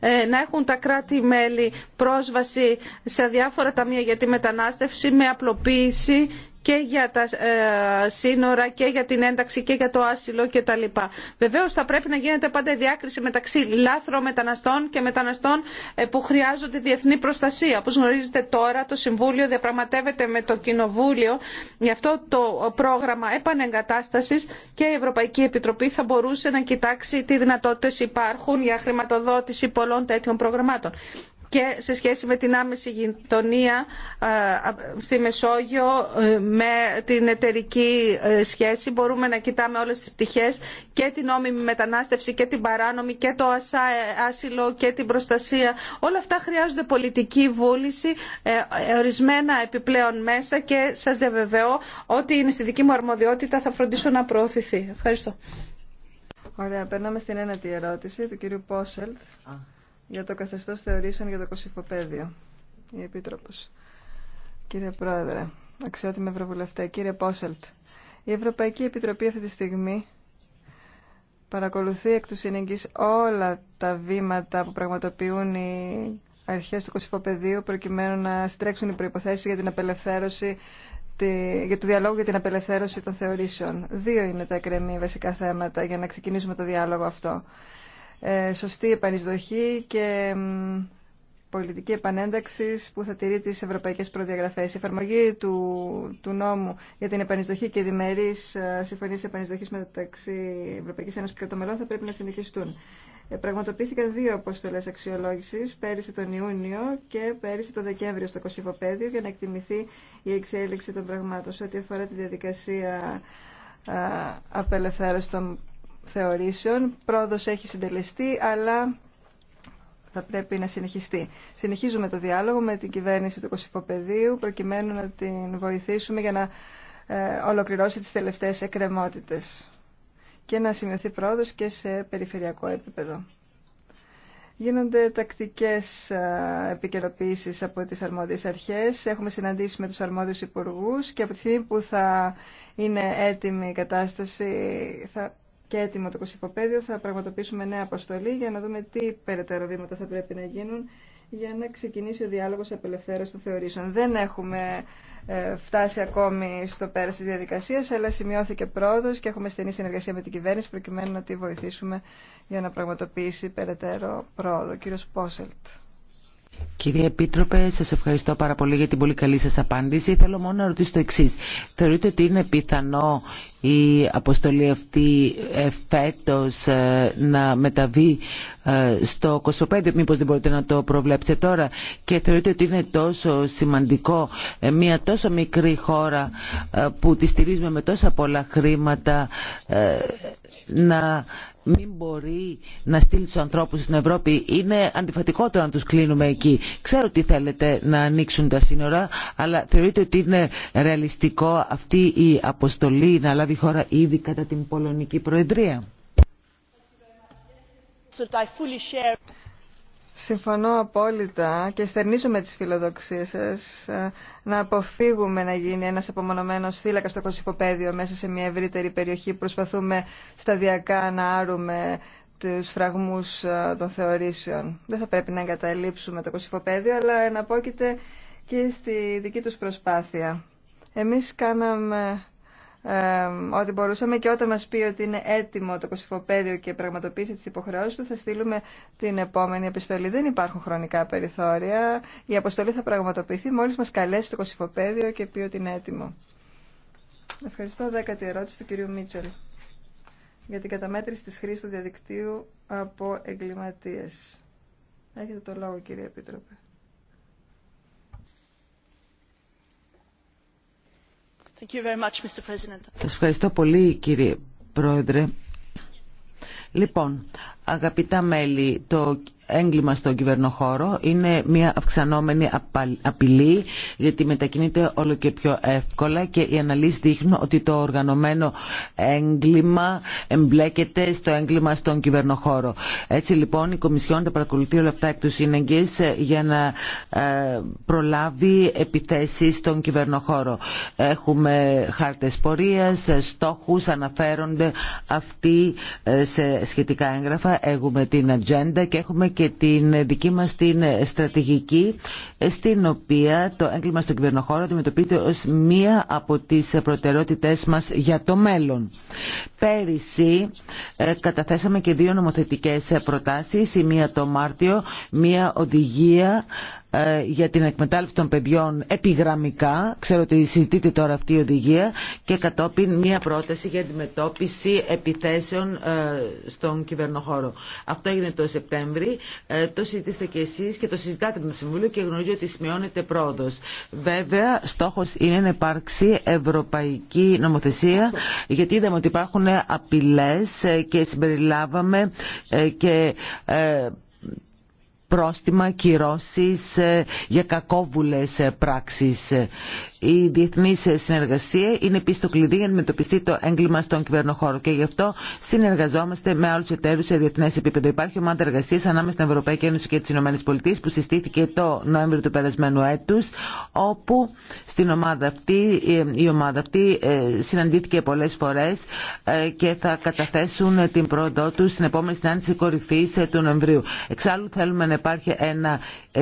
ε, να έχουν τα κράτη-μέλη πρόσβαση σε διάφορα ταμεία για τη μετανάστευση με απλοποίηση και για τα ε, σύνορα και για την ένταξη και για το άσυλο κτλ. Βεβαίως θα πρέπει να γίνεται πάντα η διάκριση μεταξύ λάθρων μεταναστών και μεταναστών ε, που χρειάζονται διεθνή προστασία. Όπως γνωρίζετε τώρα το Συμβούλιο διαπραγματεύεται με το Κοινοβούλιο για αυτό το πρόγραμμα επανεγκατάστασης και η Ευρωπαϊκή Επιτροπή θα μπορούσε να κοιτάξει τι δυνατότητες υπάρχουν για χρηματοδότηση πολλών τέτοιων προγραμμάτων και σε σχέση με την άμεση γειτονία ε, στη Μεσόγειο ε, με την εταιρική ε, σχέση μπορούμε να κοιτάμε όλες τις πτυχές και την νόμιμη μετανάστευση και την παράνομη και το άσυλο και την προστασία. Όλα αυτά χρειάζονται πολιτική βούληση, ορισμένα επιπλέον μέσα και σας διαβεβαιώ ότι είναι στη δική μου αρμοδιότητα θα φροντίσω να προωθηθεί. Ευχαριστώ. Ωραία, περνάμε στην ένατη ερώτηση του κύριου Πόσελτ για το καθεστώς θεωρήσεων για το κοσυφοπαίδιο. Η Επίτροπος. Κύριε Πρόεδρε, αξιότιμη Ευρωβουλευτέ, κύριε Πόσελτ, η Ευρωπαϊκή Επιτροπή αυτή τη στιγμή παρακολουθεί εκ του συνεγγύς όλα τα βήματα που πραγματοποιούν οι αρχές του κοσυφοπεδίου προκειμένου να στρέξουν οι προϋποθέσεις για την απελευθέρωση για το διαλόγο για την απελευθέρωση των θεωρήσεων. Δύο είναι τα εκκρεμή βασικά θέματα για να ξεκινήσουμε το διάλογο αυτό. Ε, σωστή επανεισδοχή και πολιτική επανένταξη που θα τηρεί τι ευρωπαϊκέ προδιαγραφέ. Η εφαρμογή του, του νόμου για την επανεισδοχή και διμερεί ε, συμφωνίε επανεισδοχή μεταξύ Ευρωπαϊκή Ένωση και των μελών θα πρέπει να συνεχιστούν. Ε, πραγματοποιήθηκαν δύο αποστολέ αξιολόγηση, πέρυσι τον Ιούνιο και πέρυσι τον Δεκέμβριο στο Κωσυφοπέδιο, για να εκτιμηθεί η εξέλιξη των πραγμάτων σε ό,τι αφορά τη διαδικασία ε, απελευθέρωση των θεωρήσεων. Πρόοδος έχει συντελεστεί, αλλά θα πρέπει να συνεχιστεί. Συνεχίζουμε το διάλογο με την κυβέρνηση του Κωσυφοπεδίου, προκειμένου να την βοηθήσουμε για να ε, ολοκληρώσει τις τελευταίες εκκρεμότητες και να σημειωθεί πρόοδος και σε περιφερειακό επίπεδο. Γίνονται τακτικές ε, επικαιροποίησεις από τις αρμόδιες αρχές. Έχουμε συναντήσει με τους αρμόδιους υπουργούς και από τη στιγμή που θα είναι έτοιμη η κατάσταση και έτοιμο το κοσυφοπαίδιο θα πραγματοποιήσουμε νέα αποστολή για να δούμε τι περαιτέρω βήματα θα πρέπει να γίνουν για να ξεκινήσει ο διάλογος απελευθέρωσης των θεωρήσεων. Δεν έχουμε ε, φτάσει ακόμη στο πέρας της διαδικασίας, αλλά σημειώθηκε πρόοδος και έχουμε στενή συνεργασία με την κυβέρνηση προκειμένου να τη βοηθήσουμε για να πραγματοποιήσει περαιτέρω πρόοδο. Κύριος Πόσελτ. Κύριε Επίτροπε, σας ευχαριστώ πάρα πολύ για την πολύ καλή σας απάντηση. Θέλω μόνο να ρωτήσω το εξή. Θεωρείτε ότι είναι πιθανό η αποστολή αυτή ε, φέτο ε, να μεταβεί ε, στο 25, μήπως δεν μπορείτε να το προβλέψετε τώρα και θεωρείτε ότι είναι τόσο σημαντικό μια τόσο μικρή χώρα που τη στηρίζουμε με τόσα πολλά χρήματα να μην μπορεί να στείλει τους ανθρώπους στην Ευρώπη. Είναι αντιφατικότερο να τους κλείνουμε εκεί. Ξέρω ότι θέλετε να ανοίξουν τα σύνορα, αλλά θεωρείτε ότι είναι ρεαλιστικό αυτή η αποστολή να λάβει χώρα ήδη κατά την Πολωνική Προεδρία. Συμφωνώ απόλυτα και στερνίζομαι τις φιλοδοξίες σας ε, να αποφύγουμε να γίνει ένας απομονωμένος θύλακας στο κοσυφοπαίδιο μέσα σε μια ευρύτερη περιοχή. Προσπαθούμε σταδιακά να άρουμε τους φραγμούς ε, των θεωρήσεων. Δεν θα πρέπει να εγκαταλείψουμε το κοσυφοπαίδιο, αλλά εναπόκειται και στη δική τους προσπάθεια. Εμείς κάναμε ό,τι μπορούσαμε και όταν μας πει ότι είναι έτοιμο το κοσυφοπαίδιο και πραγματοποιήσει τις υποχρεώσεις του θα στείλουμε την επόμενη επιστολή. Δεν υπάρχουν χρονικά περιθώρια. Η αποστολή θα πραγματοποιηθεί μόλις μας καλέσει το κοσυφοπαίδιο και πει ότι είναι έτοιμο. Ευχαριστώ. Δέκατη ερώτηση του κυρίου Μίτσελ για την καταμέτρηση της χρήσης του διαδικτύου από εγκληματίες. Έχετε το λόγο κύριε Επίτροπε. Thank you very much, Mr. President. Σας ευχαριστώ πολύ κύριε Πρόεδρε. Λοιπόν, αγαπητά μέλη, το έγκλημα στον κυβερνοχώρο είναι μια αυξανόμενη απειλή γιατί μετακινείται όλο και πιο εύκολα και οι αναλύσεις δείχνουν ότι το οργανωμένο έγκλημα εμπλέκεται στο έγκλημα στον κυβερνοχώρο. Έτσι λοιπόν η Κομισιόν τα παρακολουθεί όλα αυτά εκ του σύνεγγες ε, για να ε, προλάβει επιθέσεις στον κυβερνοχώρο. Έχουμε χάρτες πορείας, ε, στόχους, αναφέρονται αυτοί σε σχετικά έγγραφα, έχουμε την ατζέντα και έχουμε και την δική μας την στρατηγική στην οποία το έγκλημα στον κυβερνοχώρο αντιμετωπίζεται ως μία από τις προτεραιότητές μας για το μέλλον. Πέρυσι ε, καταθέσαμε και δύο νομοθετικές προτάσεις, η μία το Μάρτιο, μία οδηγία ε, για την εκμετάλλευση των παιδιών επιγραμμικά. Ξέρω ότι συζητείται τώρα αυτή η οδηγία και κατόπιν μία πρόταση για αντιμετώπιση επιθέσεων ε, στον κυβερνοχώρο. Αυτό έγινε το Σεπτέμβρη. Ε, το συζητήσατε και εσείς και το συζητάτε με το Συμβούλιο και γνωρίζω ότι σημειώνεται πρόοδος. Βέβαια, στόχος είναι να υπάρξει ευρωπαϊκή νομοθεσία γιατί είδαμε ότι υπάρχουν απειλές και συμπεριλάβαμε και πρόστιμα, κυρώσεις ε, για κακόβουλες ε, πράξεις. Η διεθνή συνεργασία είναι επίση το κλειδί για να αντιμετωπιστεί το έγκλημα στον κυβερνοχώρο και γι' αυτό συνεργαζόμαστε με άλλου εταίρου σε διεθνέ επίπεδο. Υπάρχει ομάδα εργασία ανάμεσα στην Ευρωπαϊκή Ένωση και τι ΗΠΑ που συστήθηκε το Νοέμβριο του περασμένου έτου, όπου στην ομάδα αυτή, ε, η ομάδα αυτή ε, συναντήθηκε πολλέ φορέ ε, και θα καταθέσουν την πρόοδό του στην επόμενη συνάντηση κορυφή του Νοεμβρίου. Εξάλλου θέλουμε να υπάρχει ένα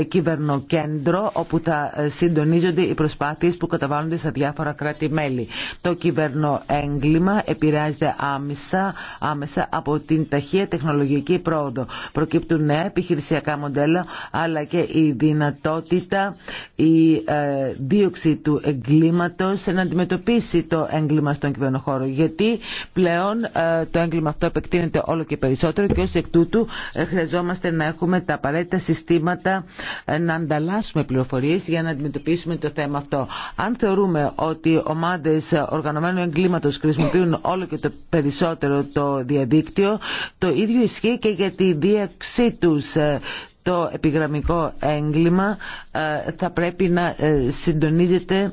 κυβερνοκέντρο όπου θα συντονίζονται οι προσπάθειε καταβάλλονται στα διάφορα κράτη-μέλη. Το κυβερνοέγκλημα επηρεάζεται άμεσα, άμεσα από την ταχεία τεχνολογική πρόοδο. Προκύπτουν νέα επιχειρησιακά μοντέλα, αλλά και η δυνατότητα, η ε, δίωξη του εγκλήματος να αντιμετωπίσει το έγκλημα στον κυβερνοχώρο. Γιατί πλέον ε, το έγκλημα αυτό επεκτείνεται όλο και περισσότερο και ω εκ τούτου ε, χρειαζόμαστε να έχουμε τα απαραίτητα συστήματα να ανταλλάσσουμε πληροφορίες για να αντιμετωπίσουμε το θέμα αυτό. Αν θεωρούμε ότι ομάδες οργανωμένου εγκλήματος χρησιμοποιούν όλο και το περισσότερο το διαδίκτυο, το ίδιο ισχύει και για τη διεξή τους το επιγραμμικό έγκλημα ε, θα πρέπει να ε, συντονίζεται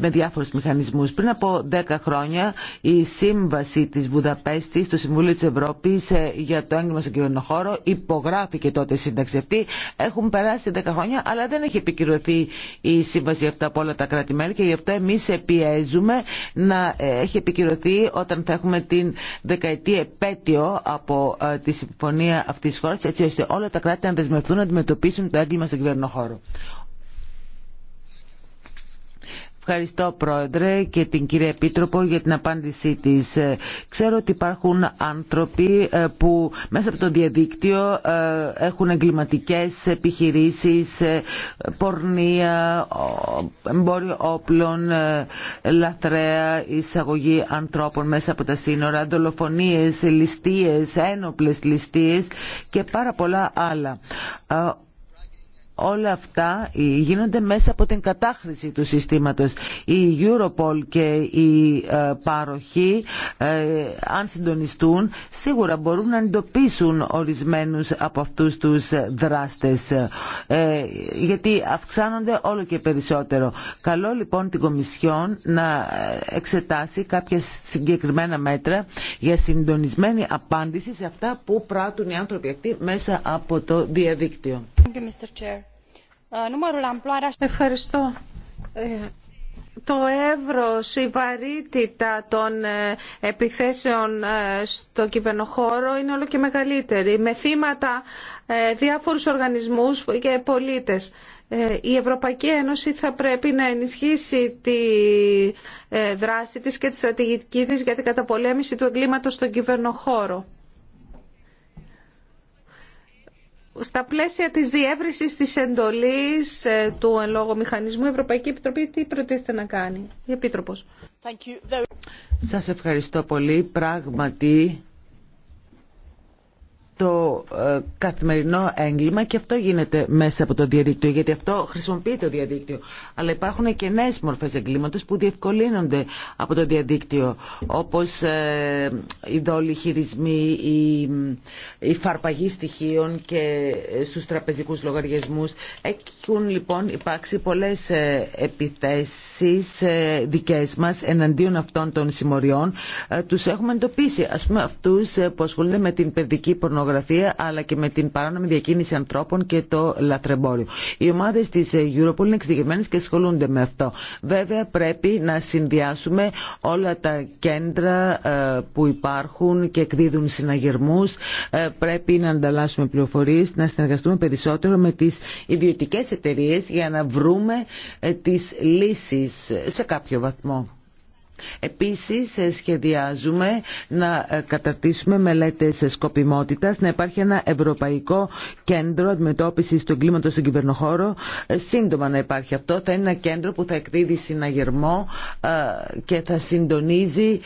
με διάφορους μηχανισμούς. Πριν από 10 χρόνια η σύμβαση της Βουδαπέστης του Συμβουλίου της Ευρώπης ε, για το έγκλημα στον κυβερνοχώρο υπογράφηκε τότε η σύνταξη αυτή. Έχουν περάσει 10 χρόνια αλλά δεν έχει επικυρωθεί η σύμβαση αυτή από όλα τα κράτη-μέλη και γι' αυτό εμείς πιέζουμε να ε, έχει επικυρωθεί όταν θα έχουμε την δεκαετή επέτειο από ε, τη συμφωνία αυτής της χώρας έτσι ώστε όλα τα κράτη να δεσμευτούν να αντιμετωπίσουν το έγκλημα στον κυβερνοχώρο. Ευχαριστώ Πρόεδρε και την κυρία Επίτροπο για την απάντησή της. Ε, ξέρω ότι υπάρχουν άνθρωποι ε, που μέσα από το διαδίκτυο ε, έχουν εγκληματικές επιχειρήσεις, πορνεία, εμπόριο όπλων, λαθρέα εισαγωγή ανθρώπων μέσα από τα σύνορα, δολοφονίες, ληστείες, ένοπλες ληστείες και πάρα πολλά άλλα όλα αυτά ε, γίνονται μέσα από την κατάχρηση του συστήματος. Η Europol και η ε, παροχή, ε, αν συντονιστούν, σίγουρα μπορούν να εντοπίσουν ορισμένους από αυτούς τους δράστες, γιατί αυξάνονται όλο και περισσότερο. Καλό λοιπόν την Κομισιόν να εξετάσει κάποια συγκεκριμένα μέτρα για συντονισμένη απάντηση σε αυτά που πράττουν οι άνθρωποι αυτοί μέσα από το διαδίκτυο. Ε, Ευχαριστώ. Ε, το εύρος, η βαρύτητα των ε, επιθέσεων στο κυβερνοχώρο είναι όλο και μεγαλύτερη, με θύματα διάφορους οργανισμούς και πολίτες. Η Ευρωπαϊκή Ένωση θα πρέπει να ενισχύσει τη δράση της και τη στρατηγική της για την καταπολέμηση του εγκλήματος στον κυβερνοχώρο. στα πλαίσια της διεύρυνσης της εντολής ε, του εν λόγω μηχανισμού, η Ευρωπαϊκή Επιτροπή τι προτίθεται να κάνει, η Επίτροπος. Σας ευχαριστώ πολύ. Πράγματι, το ε, καθημερινό έγκλημα και αυτό γίνεται μέσα από το διαδίκτυο, γιατί αυτό χρησιμοποιείται το διαδίκτυο. Αλλά υπάρχουν και νέε μορφέ εγκλήματο που διευκολύνονται από το διαδίκτυο, όπω ε, οι δόλοι χειρισμοί, η φαρπαγή στοιχείων και ε, στους τραπεζικούς λογαριασμούς. Έχουν λοιπόν υπάρξει πολλέ επιθέσει δικέ μα εναντίον αυτών των συμμοριών. Του έχουμε εντοπίσει, Ας πούμε, αυτού που ασχολούνται με την παιδική πορνογραφία αλλά και με την παράνομη διακίνηση ανθρώπων και το λατρεμπόριο. Οι ομάδε τη ε, Europol είναι εξειδικευμένε και ασχολούνται με αυτό. Βέβαια πρέπει να συνδυάσουμε όλα τα κέντρα ε, που υπάρχουν και εκδίδουν συναγερμού. Ε, πρέπει να ανταλλάσσουμε πληροφορίε, να συνεργαστούμε περισσότερο με τι ιδιωτικέ εταιρείε για να βρούμε τι λύσει σε κάποιο βαθμό. Επίσης ε, σχεδιάζουμε να ε, καταρτήσουμε μελέτες ε, σκοπιμότητας, να υπάρχει ένα ευρωπαϊκό κέντρο αντιμετώπισης του εγκλήματος στον κυβερνοχώρο. Σύντομα να υπάρχει αυτό. Θα είναι ένα κέντρο που θα εκδίδει συναγερμό και θα συντονίζει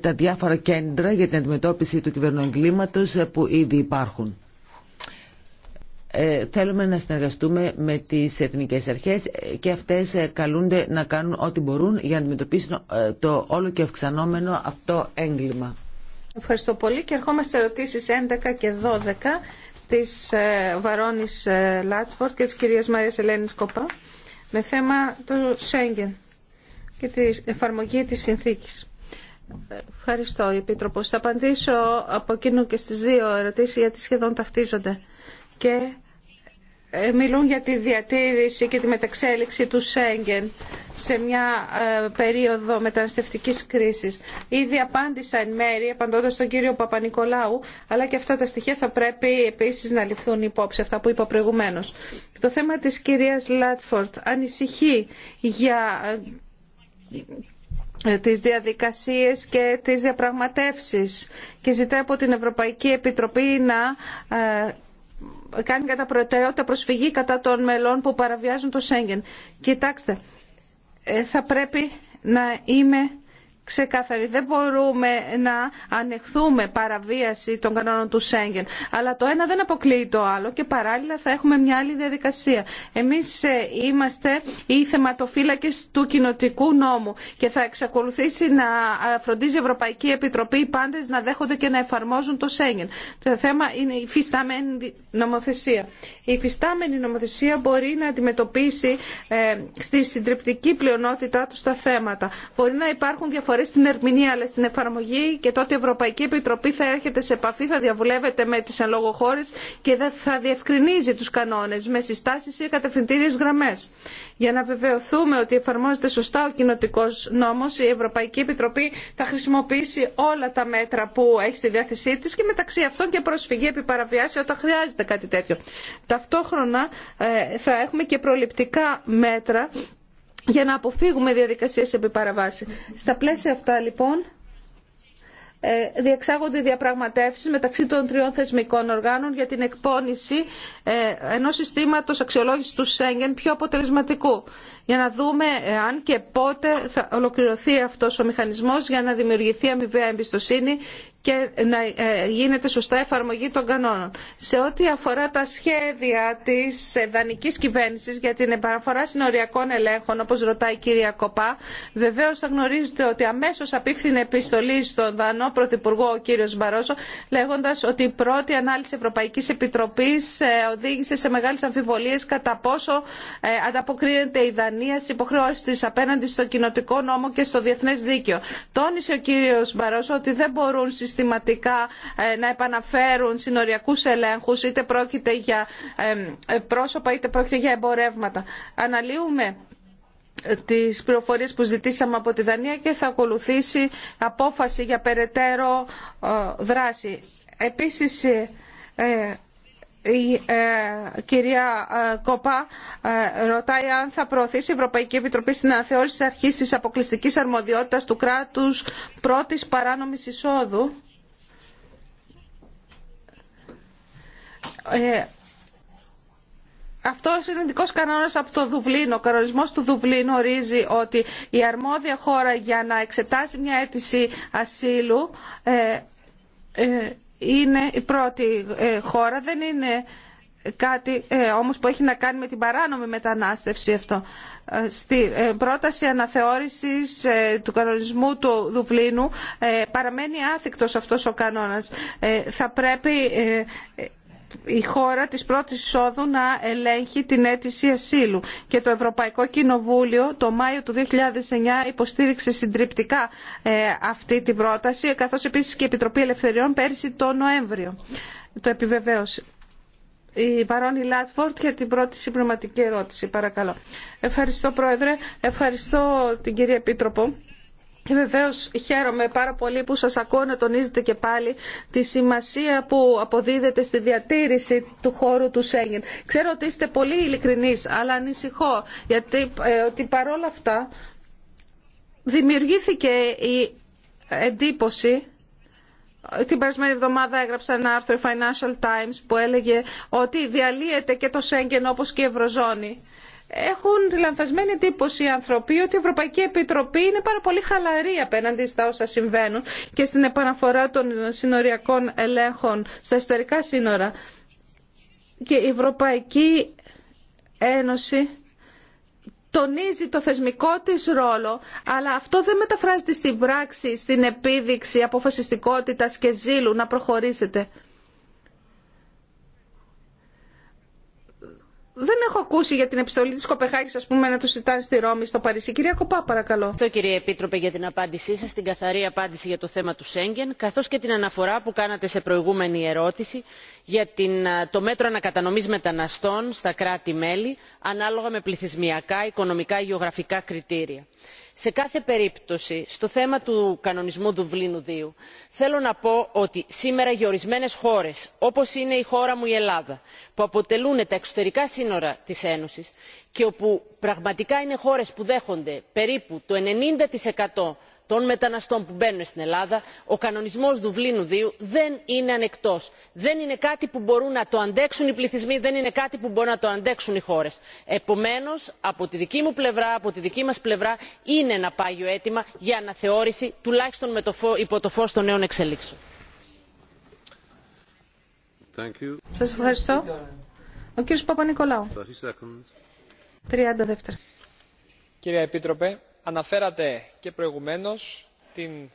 τα διάφορα κέντρα για την αντιμετώπιση του κυβερνοεγκλήματος που ήδη υπάρχουν. Ε, θέλουμε να συνεργαστούμε με τις εθνικές αρχές ε, και αυτές ε, καλούνται να κάνουν ό,τι μπορούν για να αντιμετωπίσουν το όλο και αυξανόμενο αυτό έγκλημα. Ευχαριστώ πολύ και ερχόμαστε ερωτήσεις 11 και 12 της Βαρόνης Λάτσπορτ και της κυρίας Μαρίας Ελένης Κοπά με θέμα το Σέγγεν και την εφαρμογή της συνθήκης. Ευχαριστώ, Επίτροπος. Θα απαντήσω από εκείνο και στις δύο ερωτήσεις γιατί σχεδόν ταυτίζονται και ε, μιλούν για τη διατήρηση και τη μεταξέλιξη του Σέγγεν σε μια ε, περίοδο μεταναστευτικής κρίσης. Ήδη απάντησα εν μέρη, απαντώντας τον κύριο Παπα-Νικολάου, αλλά και αυτά τα στοιχεία θα πρέπει επίσης να ληφθούν υπόψη, αυτά που είπα προηγουμένως. Το θέμα της κυρίας Λάτφορτ ανησυχεί για ε, τις διαδικασίες και τις διαπραγματεύσεις και ζητάει από την Ευρωπαϊκή Επιτροπή να κάνει κατά προτεραιότητα προσφυγή κατά των μελών που παραβιάζουν το Σέγγεν. Κοιτάξτε, ε, θα πρέπει να είμαι ξεκάθαρη. Δεν μπορούμε να ανεχθούμε παραβίαση των κανόνων του Σέγγεν. Αλλά το ένα δεν αποκλείει το άλλο και παράλληλα θα έχουμε μια άλλη διαδικασία. Εμείς ε, είμαστε οι θεματοφύλακες του κοινοτικού νόμου και θα εξακολουθήσει να ε, φροντίζει η Ευρωπαϊκή Επιτροπή οι πάντες να δέχονται και να εφαρμόζουν το Σέγγεν. Το θέμα είναι η φυστάμενη νομοθεσία. Η φυστάμενη νομοθεσία μπορεί να αντιμετωπίσει ε, στη συντριπτική πλειονότητά του τα θέματα. Μπορεί να υπάρχουν χωρί την ερμηνεία αλλά στην εφαρμογή και τότε η Ευρωπαϊκή Επιτροπή θα έρχεται σε επαφή, θα διαβουλεύεται με τι εν λόγω χώρε και θα διευκρινίζει του κανόνε με συστάσει ή κατευθυντήριε γραμμέ. Για να βεβαιωθούμε ότι εφαρμόζεται σωστά ο κοινοτικό νόμο, η Ευρωπαϊκή Επιτροπή θα χρησιμοποιήσει όλα τα μέτρα που έχει στη διάθεσή τη και μεταξύ αυτών και προσφυγή επί παραβιάση όταν χρειάζεται κάτι τέτοιο. Ταυτόχρονα ε, θα έχουμε και προληπτικά μέτρα για να αποφύγουμε διαδικασίες επί παραβάση. Στα πλαίσια αυτά λοιπόν ε, διεξάγονται διαπραγματεύσεις μεταξύ των τριών θεσμικών οργάνων για την εκπόνηση ε, ενός συστήματος αξιολόγησης του Σέγγεν πιο αποτελεσματικού για να δούμε ε, αν και πότε θα ολοκληρωθεί αυτός ο μηχανισμός για να δημιουργηθεί αμοιβαία εμπιστοσύνη και να ε, γίνεται σωστά εφαρμογή των κανόνων. Σε ό,τι αφορά τα σχέδια της δανικής κυβέρνησης για την επαναφορά συνοριακών ελέγχων, όπως ρωτάει η κυρία Κοπά, βεβαίως θα γνωρίζετε ότι αμέσως απίφθηνε επιστολή στον Δανό Πρωθυπουργό ο κύριος Μπαρόσο, λέγοντας ότι η πρώτη ανάλυση Ευρωπαϊκής Επιτροπής ε, οδήγησε σε μεγάλες αμφιβολίες κατά πόσο ε, ανταποκρίνεται η Δανία στις υποχρεώσεις της απέναντι στο κοινοτικό νόμο και στο διεθνές δίκαιο. Τόνισε ο κύριος Μπαρόσο ότι δεν μπορούν συστηματικά ε, να επαναφέρουν συνοριακούς ελέγχους, είτε πρόκειται για ε, ε, πρόσωπα είτε πρόκειται για εμπορεύματα. Αναλύουμε τις πληροφορίες που ζητήσαμε από τη Δανία και θα ακολουθήσει απόφαση για περαιτέρω δράση. Επίσης, η κυρία Κόπα ρωτάει αν θα προωθήσει η Ευρωπαϊκή Επιτροπή στην αναθεώρηση της αρχής της αποκλειστικής αρμοδιότητας του κράτους πρώτης παράνομης εισόδου Ε, αυτό είναι ειδικό κανόνα από το Δουβλίνο, ο κανονισμό του Δουβλίνου ορίζει ότι η αρμόδια χώρα για να εξετάσει μια αίτηση ασύλου ε, ε, είναι η πρώτη χώρα, δεν είναι κάτι όμως που έχει να κάνει με την παράνομη μετανάστευση αυτό. Στη πρόταση αναθεώρησης του κανονισμού του Δουβλίνου παραμένει άθικτος αυτός ο κανόνας. Θα πρέπει η χώρα της πρώτης εισόδου να ελέγχει την αίτηση ασύλου. Και το Ευρωπαϊκό Κοινοβούλιο το Μάιο του 2009 υποστήριξε συντριπτικά ε, αυτή την πρόταση, καθώς επίσης και η Επιτροπή Ελευθεριών πέρυσι το Νοέμβριο. Το επιβεβαίωσε. Η Βαρόνι Λάτφορτ για την πρώτη συμπληρωματική ερώτηση, παρακαλώ. Ευχαριστώ, Πρόεδρε. Ευχαριστώ την κυρία Επίτροπο και βεβαίω χαίρομαι πάρα πολύ που σας ακούω να τονίζετε και πάλι τη σημασία που αποδίδεται στη διατήρηση του χώρου του Σέγγεν. Ξέρω ότι είστε πολύ ειλικρινείς, αλλά ανησυχώ, γιατί ε, παρόλα αυτά δημιουργήθηκε η εντύπωση την περασμένη εβδομάδα έγραψα ένα άρθρο Financial Times που έλεγε ότι διαλύεται και το Σέγγεν όπως και η Ευρωζώνη έχουν τη λανθασμένη εντύπωση οι άνθρωποι ότι η Ευρωπαϊκή Επιτροπή είναι πάρα πολύ χαλαρή απέναντι στα όσα συμβαίνουν και στην επαναφορά των συνοριακών ελέγχων στα ιστορικά σύνορα. Και η Ευρωπαϊκή Ένωση τονίζει το θεσμικό της ρόλο, αλλά αυτό δεν μεταφράζεται στην πράξη, στην επίδειξη αποφασιστικότητας και ζήλου να προχωρήσετε. δεν έχω ακούσει για την επιστολή της Κοπεχάκης, α πούμε να το συζητάνε στη Ρώμη, στο Παρίσι. Κυρία Κοπά παρακαλώ. Ευχαριστώ κύριε Επίτροπε για την απάντησή σας, την καθαρή απάντηση για το θέμα του Σέγγεν, καθώς και την αναφορά που κάνατε σε προηγούμενη ερώτηση για την, το μέτρο ανακατανομής μεταναστών στα κράτη-μέλη ανάλογα με πληθυσμιακά, οικονομικά, γεωγραφικά κριτήρια σε κάθε περίπτωση στο θέμα του κανονισμού δουβλίνου ii θέλω να πω ότι σήμερα για ορισμένες χώρες όπως είναι η χώρα μου η ελλάδα που αποτελούν τα εξωτερικά σύνορα της ένωσης και όπου πραγματικά είναι χώρες που δέχονται περίπου το 90% των μεταναστών που μπαίνουν στην ελλάδα ο κανονισμός δουβλίνου 2 δεν είναι ανεκτός. δεν είναι κάτι που μπορούν να το αντέξουν οι πληθυσμοί δεν είναι κάτι που μπορούν να το αντέξουν οι χώρες. επομένως από τη δική μου πλευρά από τη δική μας πλευρά είναι ένα πάγιο αίτημα για αναθεώρηση τουλάχιστον υπό το φω των νέων εξελίξεων. Σας ευχαριστώ. παπα Επίτροπε, αναφέρατε και προηγουμένως την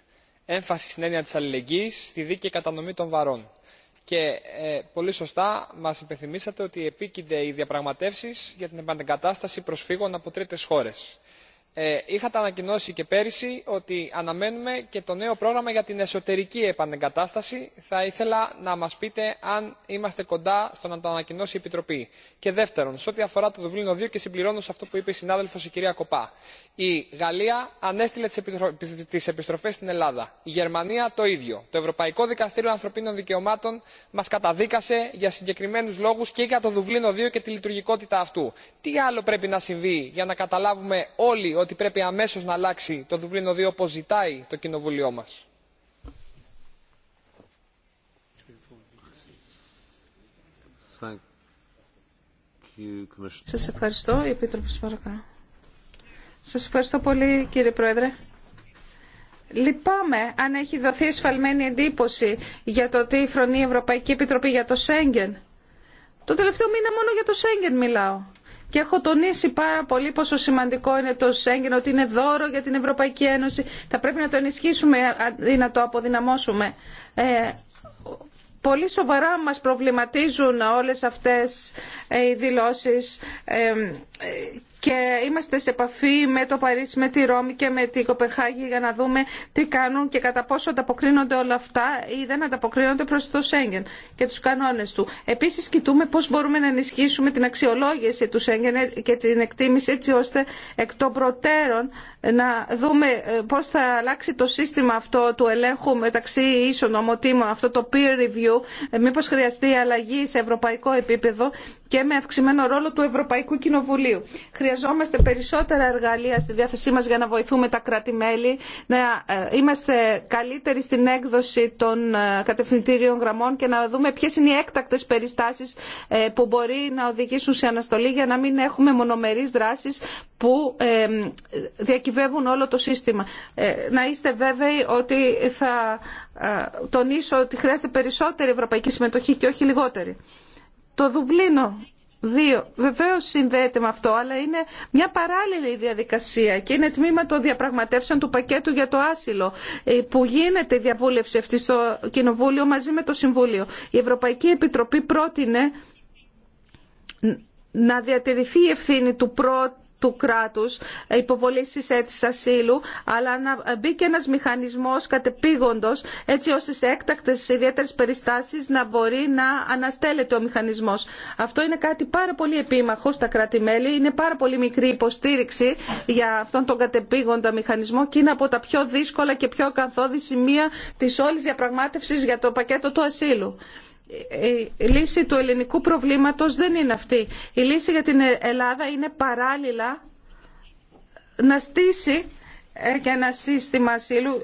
έμφαση στην έννοια της αλληλεγγύης στη δίκαιη κατανομή των βαρών και ε, πολύ σωστά μας υπενθυμίσατε ότι επίκυνται οι διαπραγματεύσεις για την επανεγκατάσταση προσφύγων από τρίτες χώρες. Ε, είχατε ανακοινώσει και πέρυσι ότι αναμένουμε και το νέο πρόγραμμα για την εσωτερική επανεγκατάσταση. θα ήθελα να μας πείτε αν είμαστε κοντά στο να το ανακοινώσει η επιτροπή. και δεύτερον σε ό,τι αφορά το δουβλίνο 2 και συμπληρώνω σε αυτό που είπε η συνάδελφος η κυρία κοπά η γαλλία ανέστειλε τις επιστροφές στην ελλάδα η γερμανία το ίδιο. το ευρωπαϊκό δικαστήριο ανθρωπίνων δικαιωμάτων μας καταδίκασε για συγκεκριμένους λόγους και για το δουβλίνο 2 και τη λειτουργικότητα αυτού. τι άλλο πρέπει να συμβεί για να καταλάβουμε όλοι ότι πρέπει αμέσως να αλλάξει το δουβλίνο 2 όπως ζητάει το κοινοβούλιο μας. Σας ευχαριστώ. παρακαλώ. Σας ευχαριστώ πολύ, κύριε Πρόεδρε. Λυπάμαι αν έχει δοθεί εσφαλμένη εντύπωση για το τι φρονεί η Ευρωπαϊκή Επιτροπή για το Σέγγεν. Το τελευταίο μήνα μόνο για το Σέγγεν μιλάω. Και έχω τονίσει πάρα πολύ πόσο σημαντικό είναι το Σέγγεν, ότι είναι δώρο για την Ευρωπαϊκή Ένωση. Θα πρέπει να το ενισχύσουμε ή να το αποδυναμώσουμε. Ε, πολύ σοβαρά μας προβληματίζουν όλες αυτές ε, οι δηλώσεις ε, ε, και είμαστε σε επαφή με το Παρίσι, με τη Ρώμη και με την Κοπεχάγη για να δούμε τι κάνουν και κατά πόσο ανταποκρίνονται όλα αυτά ή δεν ανταποκρίνονται προς το Σέγγεν και τους κανόνες του. Επίσης κοιτούμε πώς μπορούμε να ενισχύσουμε την αξιολόγηση του Σέγγεν και την εκτίμηση έτσι ώστε εκ των προτέρων να δούμε ε, πώς θα αλλάξει το σύστημα αυτό του ελέγχου μεταξύ ίσων ομοτήμων, αυτό το peer review, ε, μήπως χρειαστεί αλλαγή σε ευρωπαϊκό επίπεδο και με αυξημένο ρόλο του Ευρωπαϊκού Κοινοβουλίου χρειαζόμαστε περισσότερα εργαλεία στη διάθεσή μας για να βοηθούμε τα κράτη-μέλη, να ε, είμαστε καλύτεροι στην έκδοση των ε, κατευθυντήριων γραμμών και να δούμε ποιες είναι οι έκτακτες περιστάσεις ε, που μπορεί να οδηγήσουν σε αναστολή για να μην έχουμε μονομερείς δράσεις που διακυβεύουν όλο το σύστημα. Να είστε βέβαιοι ότι θα τονίσω ότι χρειάζεται περισσότερη ευρωπαϊκή συμμετοχή και όχι λιγότερη. Το Δουμπλίνο. Δύο. Βεβαίω συνδέεται με αυτό, αλλά είναι μια παράλληλη διαδικασία και είναι τμήμα των διαπραγματεύσεων του πακέτου για το άσυλο ε, που γίνεται η διαβούλευση αυτή στο Κοινοβούλιο μαζί με το Συμβούλιο. Η Ευρωπαϊκή Επιτροπή πρότεινε να διατηρηθεί η ευθύνη του πρώτου του κράτους ε, υποβολή της αίτησης ασύλου, αλλά να μπει και ένας μηχανισμός κατεπήγοντος, έτσι ώστε σε έκτακτες ιδιαίτερες περιστάσεις να μπορεί να αναστέλλεται ο μηχανισμός. Αυτό είναι κάτι πάρα πολύ επίμαχο στα κράτη-μέλη, είναι πάρα πολύ μικρή υποστήριξη για αυτόν τον κατεπήγοντα μηχανισμό και είναι από τα πιο δύσκολα και πιο ακαθόδη σημεία της όλης διαπραγμάτευσης για το πακέτο του ασύλου η λύση του ελληνικού προβλήματος δεν είναι αυτή. Η λύση για την Ελλάδα είναι παράλληλα να στήσει ε, και ένα σύστημα ασύλου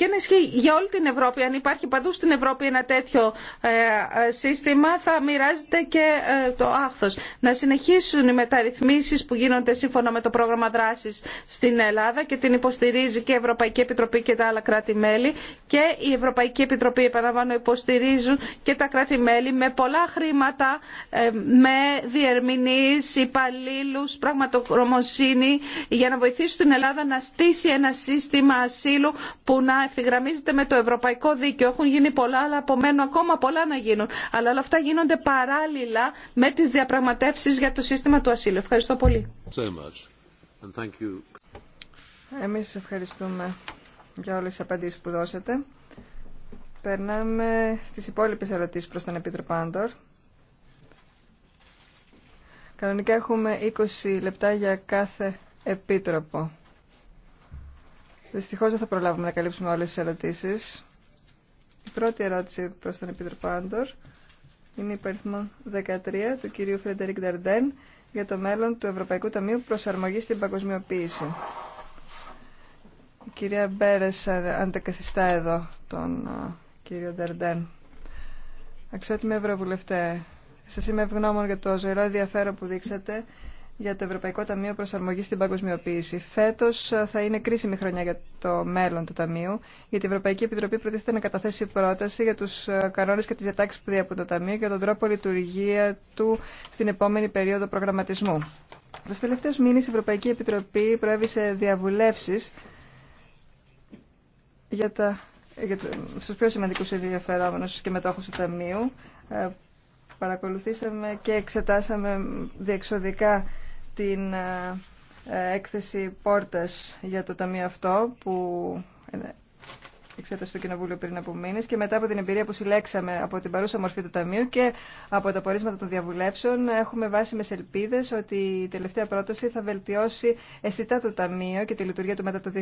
και να ισχύει για όλη την Ευρώπη. Αν υπάρχει παντού στην Ευρώπη ένα τέτοιο ε, σύστημα θα μοιράζεται και ε, το άχθος. Να συνεχίσουν οι μεταρρυθμίσεις που γίνονται σύμφωνα με το πρόγραμμα δράση στην Ελλάδα και την υποστηρίζει και η Ευρωπαϊκή Επιτροπή και τα άλλα κράτη-μέλη και η Ευρωπαϊκή Επιτροπή, επαναλαμβάνω, υποστηρίζουν και τα κράτη-μέλη με πολλά χρήματα, ε, με διερμηνεί, υπαλλήλου, πραγματοκρομοσύνη, για να βοηθήσουν την Ελλάδα να στήσει ένα σύστημα ασύλου που να ευθυγραμμίζεται με το ευρωπαϊκό δίκαιο. Έχουν γίνει πολλά, αλλά απομένουν ακόμα πολλά να γίνουν. Αλλά όλα αυτά γίνονται παράλληλα με τι διαπραγματεύσει για το σύστημα του ασύλου. Ευχαριστώ πολύ. Εμείς ευχαριστούμε για όλες τις απαντήσεις που δώσατε. Περνάμε στις υπόλοιπες ερωτήσεις προς τον Επίτροπο Άντορ. Κανονικά έχουμε 20 λεπτά για κάθε επίτροπο. Δυστυχώ δεν θα προλάβουμε να καλύψουμε όλες τις ερωτήσει. Η πρώτη ερώτηση προς τον Επίτροπο Άντορ είναι υπαριθμό 13 του κυρίου Φρεντερικ Νταρντέν για το μέλλον του Ευρωπαϊκού Ταμείου Προσαρμογής στην Παγκοσμιοποίηση. Η κυρία Μπέρες αντεκαθιστά εδώ τον κύριο Νταρντέν. Αξιότιμη Ευρωβουλευτέ, σας είμαι ευγνώμων για το ζωηρό ενδιαφέρον που δείξατε για το Ευρωπαϊκό Ταμείο Προσαρμογής στην Παγκοσμιοποίηση. Φέτος ε, θα είναι κρίσιμη χρονιά για το μέλλον του Ταμείου, γιατί η Ευρωπαϊκή Επιτροπή προτίθεται να καταθέσει πρόταση για τους ε, κανόνες και τις διατάξεις που διαπούν το Ταμείο και τον τρόπο λειτουργία του στην επόμενη περίοδο προγραμματισμού. Του τελευταίου μήνε η Ευρωπαϊκή Επιτροπή προέβησε διαβουλεύσεις για τα, για το, στους πιο σημαντικούς ενδιαφερόμενους και μετόχους του Ταμείου. Ε, παρακολουθήσαμε και εξετάσαμε διεξοδικά την ε, ε, έκθεση πόρτας για το ταμείο αυτό που ε, εξέτασε το Κοινοβούλιο πριν από μήνες και μετά από την εμπειρία που συλλέξαμε από την παρούσα μορφή του Ταμείου και από τα πορίσματα των διαβουλεύσεων έχουμε βάσιμες ελπίδες ότι η τελευταία πρόταση θα βελτιώσει αισθητά το Ταμείο και τη λειτουργία του μετά το 2013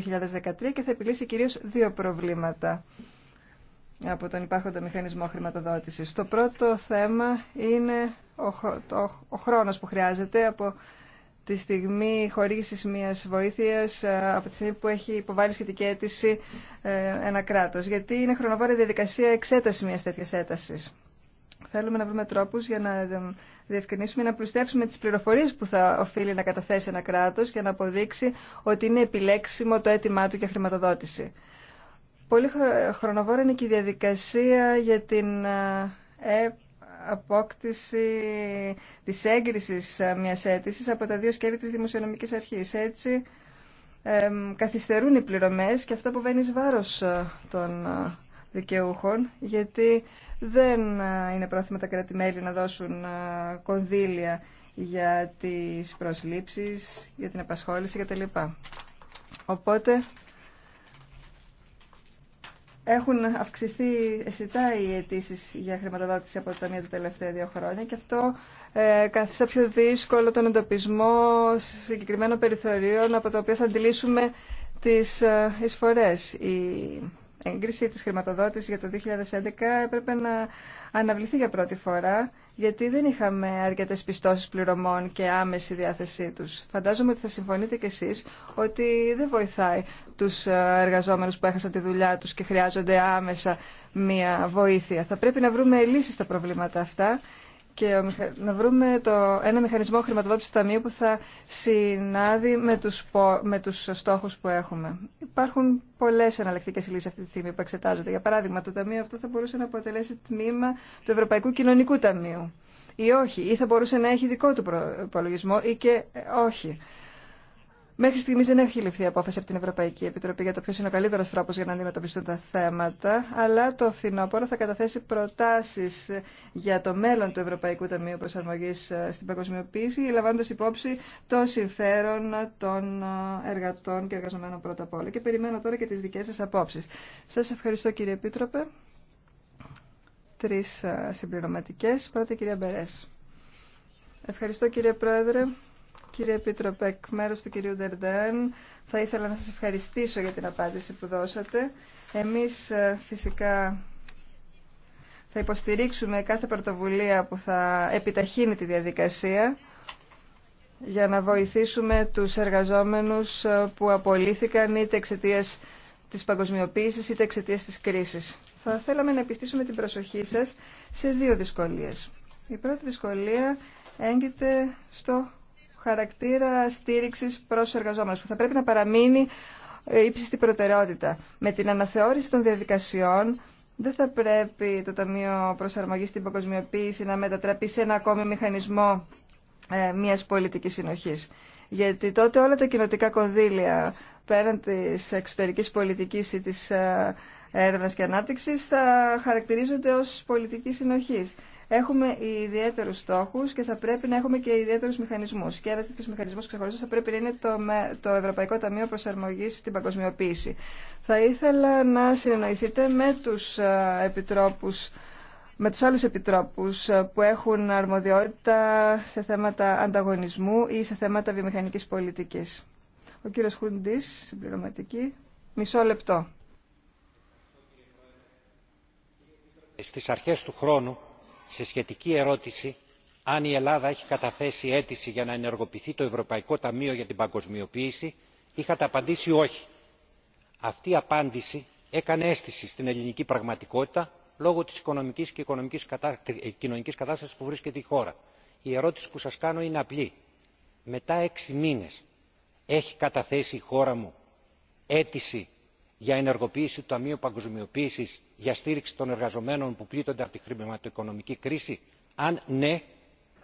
και θα επιλύσει κυρίως δύο προβλήματα από τον υπάρχοντα μηχανισμό χρηματοδότησης. Το πρώτο θέμα είναι ο χρόνος που χρειάζεται από τη στιγμή χορήγηση μια βοήθεια ε, από τη στιγμή που έχει υποβάλει σχετική αίτηση ε, ένα κράτο. Γιατί είναι χρονοβόρη διαδικασία εξέταση μια τέτοια έταση. Θέλουμε να βρούμε τρόπου για να διευκρινίσουμε να πλουστεύσουμε τι πληροφορίε που θα οφείλει να καταθέσει ένα κράτο για να αποδείξει ότι είναι επιλέξιμο το αίτημά του για χρηματοδότηση. Πολύ ε, χρονοβόρα είναι και η διαδικασία για την απόκτηση της έγκρισης μιας αίτησης από τα δύο σκέλη της Δημοσιονομικής Αρχής. Έτσι καθυστερούν οι πληρωμές και αυτό που βαίνει βάρος ε, των ε, δικαιούχων γιατί δεν ε, είναι πρόθυμα τα κρατη να δώσουν κονδύλια για τις προσλήψεις, για την απασχόληση κτλ. Οπότε έχουν αυξηθεί αισθητά οι αιτήσει για χρηματοδότηση από το Ταμείο τα τελευταία δύο χρόνια και αυτό ε, καθιστά πιο δύσκολο τον εντοπισμό συγκεκριμένων περιθωρίων από τα οποία θα αντιλήσουμε τις ε, εισφορέ. Η έγκριση της χρηματοδότησης για το 2011 έπρεπε να αναβληθεί για πρώτη φορά γιατί δεν είχαμε αρκετές πιστώσεις πληρωμών και άμεση διάθεσή του. Φαντάζομαι ότι θα συμφωνείτε κι εσείς ότι δεν βοηθάει τους ε, εργαζόμενους που έχασαν τη δουλειά τους και χρειάζονται άμεσα μία βοήθεια. Θα πρέπει να βρούμε λύσει στα προβλήματα αυτά και να βρούμε το, ένα μηχανισμό χρηματοδότησης του Ταμείου που θα συνάδει με τους, με τους στόχους που έχουμε. Υπάρχουν πολλές εναλλακτικές λύσεις αυτή τη στιγμή που εξετάζονται. Για παράδειγμα, το Ταμείο αυτό θα μπορούσε να αποτελέσει τμήμα του Ευρωπαϊκού Κοινωνικού Ταμείου. Ή όχι, ή θα μπορούσε να έχει δικό του προπολογισμό ή και όχι. Μέχρι στιγμή δεν έχει ληφθεί απόφαση από την Ευρωπαϊκή Επιτροπή για το ποιο είναι ο καλύτερο τρόπο για να αντιμετωπιστούν τα θέματα, αλλά το φθινόπωρο θα καταθέσει προτάσει για το μέλλον του Ευρωπαϊκού Ταμείου Προσαρμογή ε, στην Παγκοσμιοποίηση, λαμβάνοντα υπόψη το συμφέρον των ε, εργατών και εργαζομένων πρώτα απ' όλα. Και περιμένω τώρα και τι δικέ σα απόψει. Σα ευχαριστώ κύριε Επίτροπε. Τρει ε, συμπληρωματικέ. Πρώτα κυρία Μπερέ. Ευχαριστώ κύριε Πρόεδρε. Κύριε Επίτροπε, εκ μέρους του κυρίου Ντερντέν, θα ήθελα να σας ευχαριστήσω για την απάντηση που δώσατε. Εμείς ε, φυσικά θα υποστηρίξουμε κάθε πρωτοβουλία που θα επιταχύνει τη διαδικασία για να βοηθήσουμε τους εργαζόμενους ε, που απολύθηκαν είτε εξαιτία της παγκοσμιοποίησης είτε εξαιτία της κρίσης. Θα θέλαμε να επιστήσουμε την προσοχή σας σε δύο δυσκολίες. Η πρώτη δυσκολία έγκυται στο χαρακτήρα στήριξης προς εργαζόμενους που θα πρέπει να παραμείνει ε, ύψιστη προτεραιότητα. Με την αναθεώρηση των διαδικασιών δεν θα πρέπει το Ταμείο Προσαρμογής στην Παγκοσμιοποίηση να μετατραπεί σε ένα ακόμη μηχανισμό ε, μιας πολιτικής συνοχής. Γιατί τότε όλα τα κοινοτικά κονδύλια πέραν της εξωτερικής πολιτικής ή της ε, έρευνας και ανάπτυξης θα χαρακτηρίζονται ως πολιτική συνοχής έχουμε ιδιαίτερου στόχου και θα πρέπει να έχουμε και ιδιαίτερου μηχανισμού. Και ένα τέτοιο μηχανισμό ξεχωριστό θα πρέπει να είναι το, το Ευρωπαϊκό Ταμείο Προσαρμογή στην Παγκοσμιοποίηση. Θα ήθελα να συνεννοηθείτε με του ε, επιτρόπου με τους άλλους επιτρόπους ε, που έχουν αρμοδιότητα σε θέματα ανταγωνισμού ή σε θέματα βιομηχανικής πολιτικής. Ο κύριος Χούντη, συμπληρωματική, μισό λεπτό. Στι αρχές του χρόνου σε σχετική ερώτηση αν η ελλάδα έχει καταθέσει αίτηση για να ενεργοποιηθεί το ευρωπαϊκό ταμείο για την παγκοσμιοποίηση είχατε απαντήσει όχι. αυτή η απάντηση έκανε αίσθηση στην ελληνική πραγματικότητα λόγω της οικονομικής και ε, κοινωνικής κατάστασης που βρίσκεται η χώρα. η ερώτηση που σας κάνω είναι απλή. μετά έξι μήνες έχει καταθέσει η χώρα μου αίτηση για ενεργοποίηση του ταμείου παγκοσμιοποίησης για στήριξη των εργαζομένων που πλήττονται από τη χρηματοοικονομική κρίση; αν ναι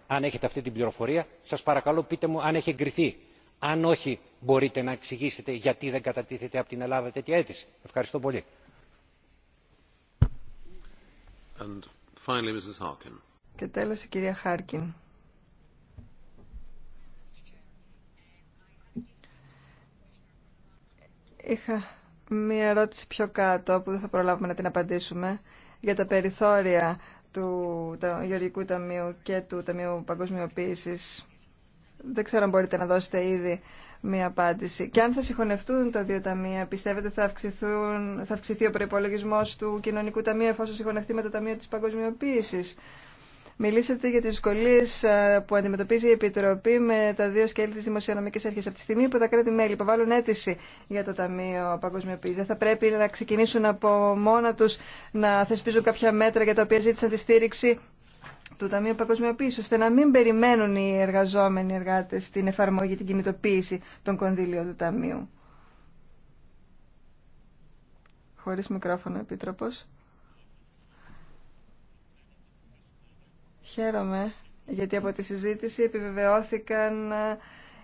αν έχετε αυτή την πληροφορία σας παρακαλώ πείτε μου αν έχει εγκριθεί. αν όχι μπορείτε να εξηγήσετε γιατί δεν κατατίθεται από την ελλάδα τέτοια αίτηση. ευχαριστώ πολύ. Και τέλος η κυρία Χάρκιν. Είχα μία ερώτηση πιο κάτω που δεν θα προλάβουμε να την απαντήσουμε για τα περιθώρια του Γεωργικού Ταμείου και του Ταμείου παγκοσμιοποίηση. Δεν ξέρω αν μπορείτε να δώσετε ήδη μία απάντηση. Και αν θα συγχωνευτούν τα δύο ταμεία, πιστεύετε θα, θα αυξηθεί ο προπολογισμό του Κοινωνικού Ταμείου εφόσον συγχωνευτεί με το Ταμείο τη παγκοσμιοποίηση. Μιλήσατε για τι δυσκολίε ε, που αντιμετωπίζει η Επιτροπή με τα δύο σκέλη τη Δημοσιονομική Αρχή. Από τη στιγμή που τα κράτη-μέλη υποβάλλουν αίτηση για το Ταμείο Παγκοσμιοποίηση, δεν θα πρέπει να ξεκινήσουν από μόνα του να θεσπίζουν κάποια μέτρα για τα οποία ζήτησαν τη στήριξη του Ταμείου Παγκοσμιοποίηση, ώστε να μην περιμένουν οι εργαζόμενοι εργάτε εργάτες την εφαρμογή, την κινητοποίηση των κονδύλιων του Ταμείου. Χωρί μικρόφωνο, επίτροπο. Χαίρομαι, γιατί από τη συζήτηση επιβεβαιώθηκαν ε,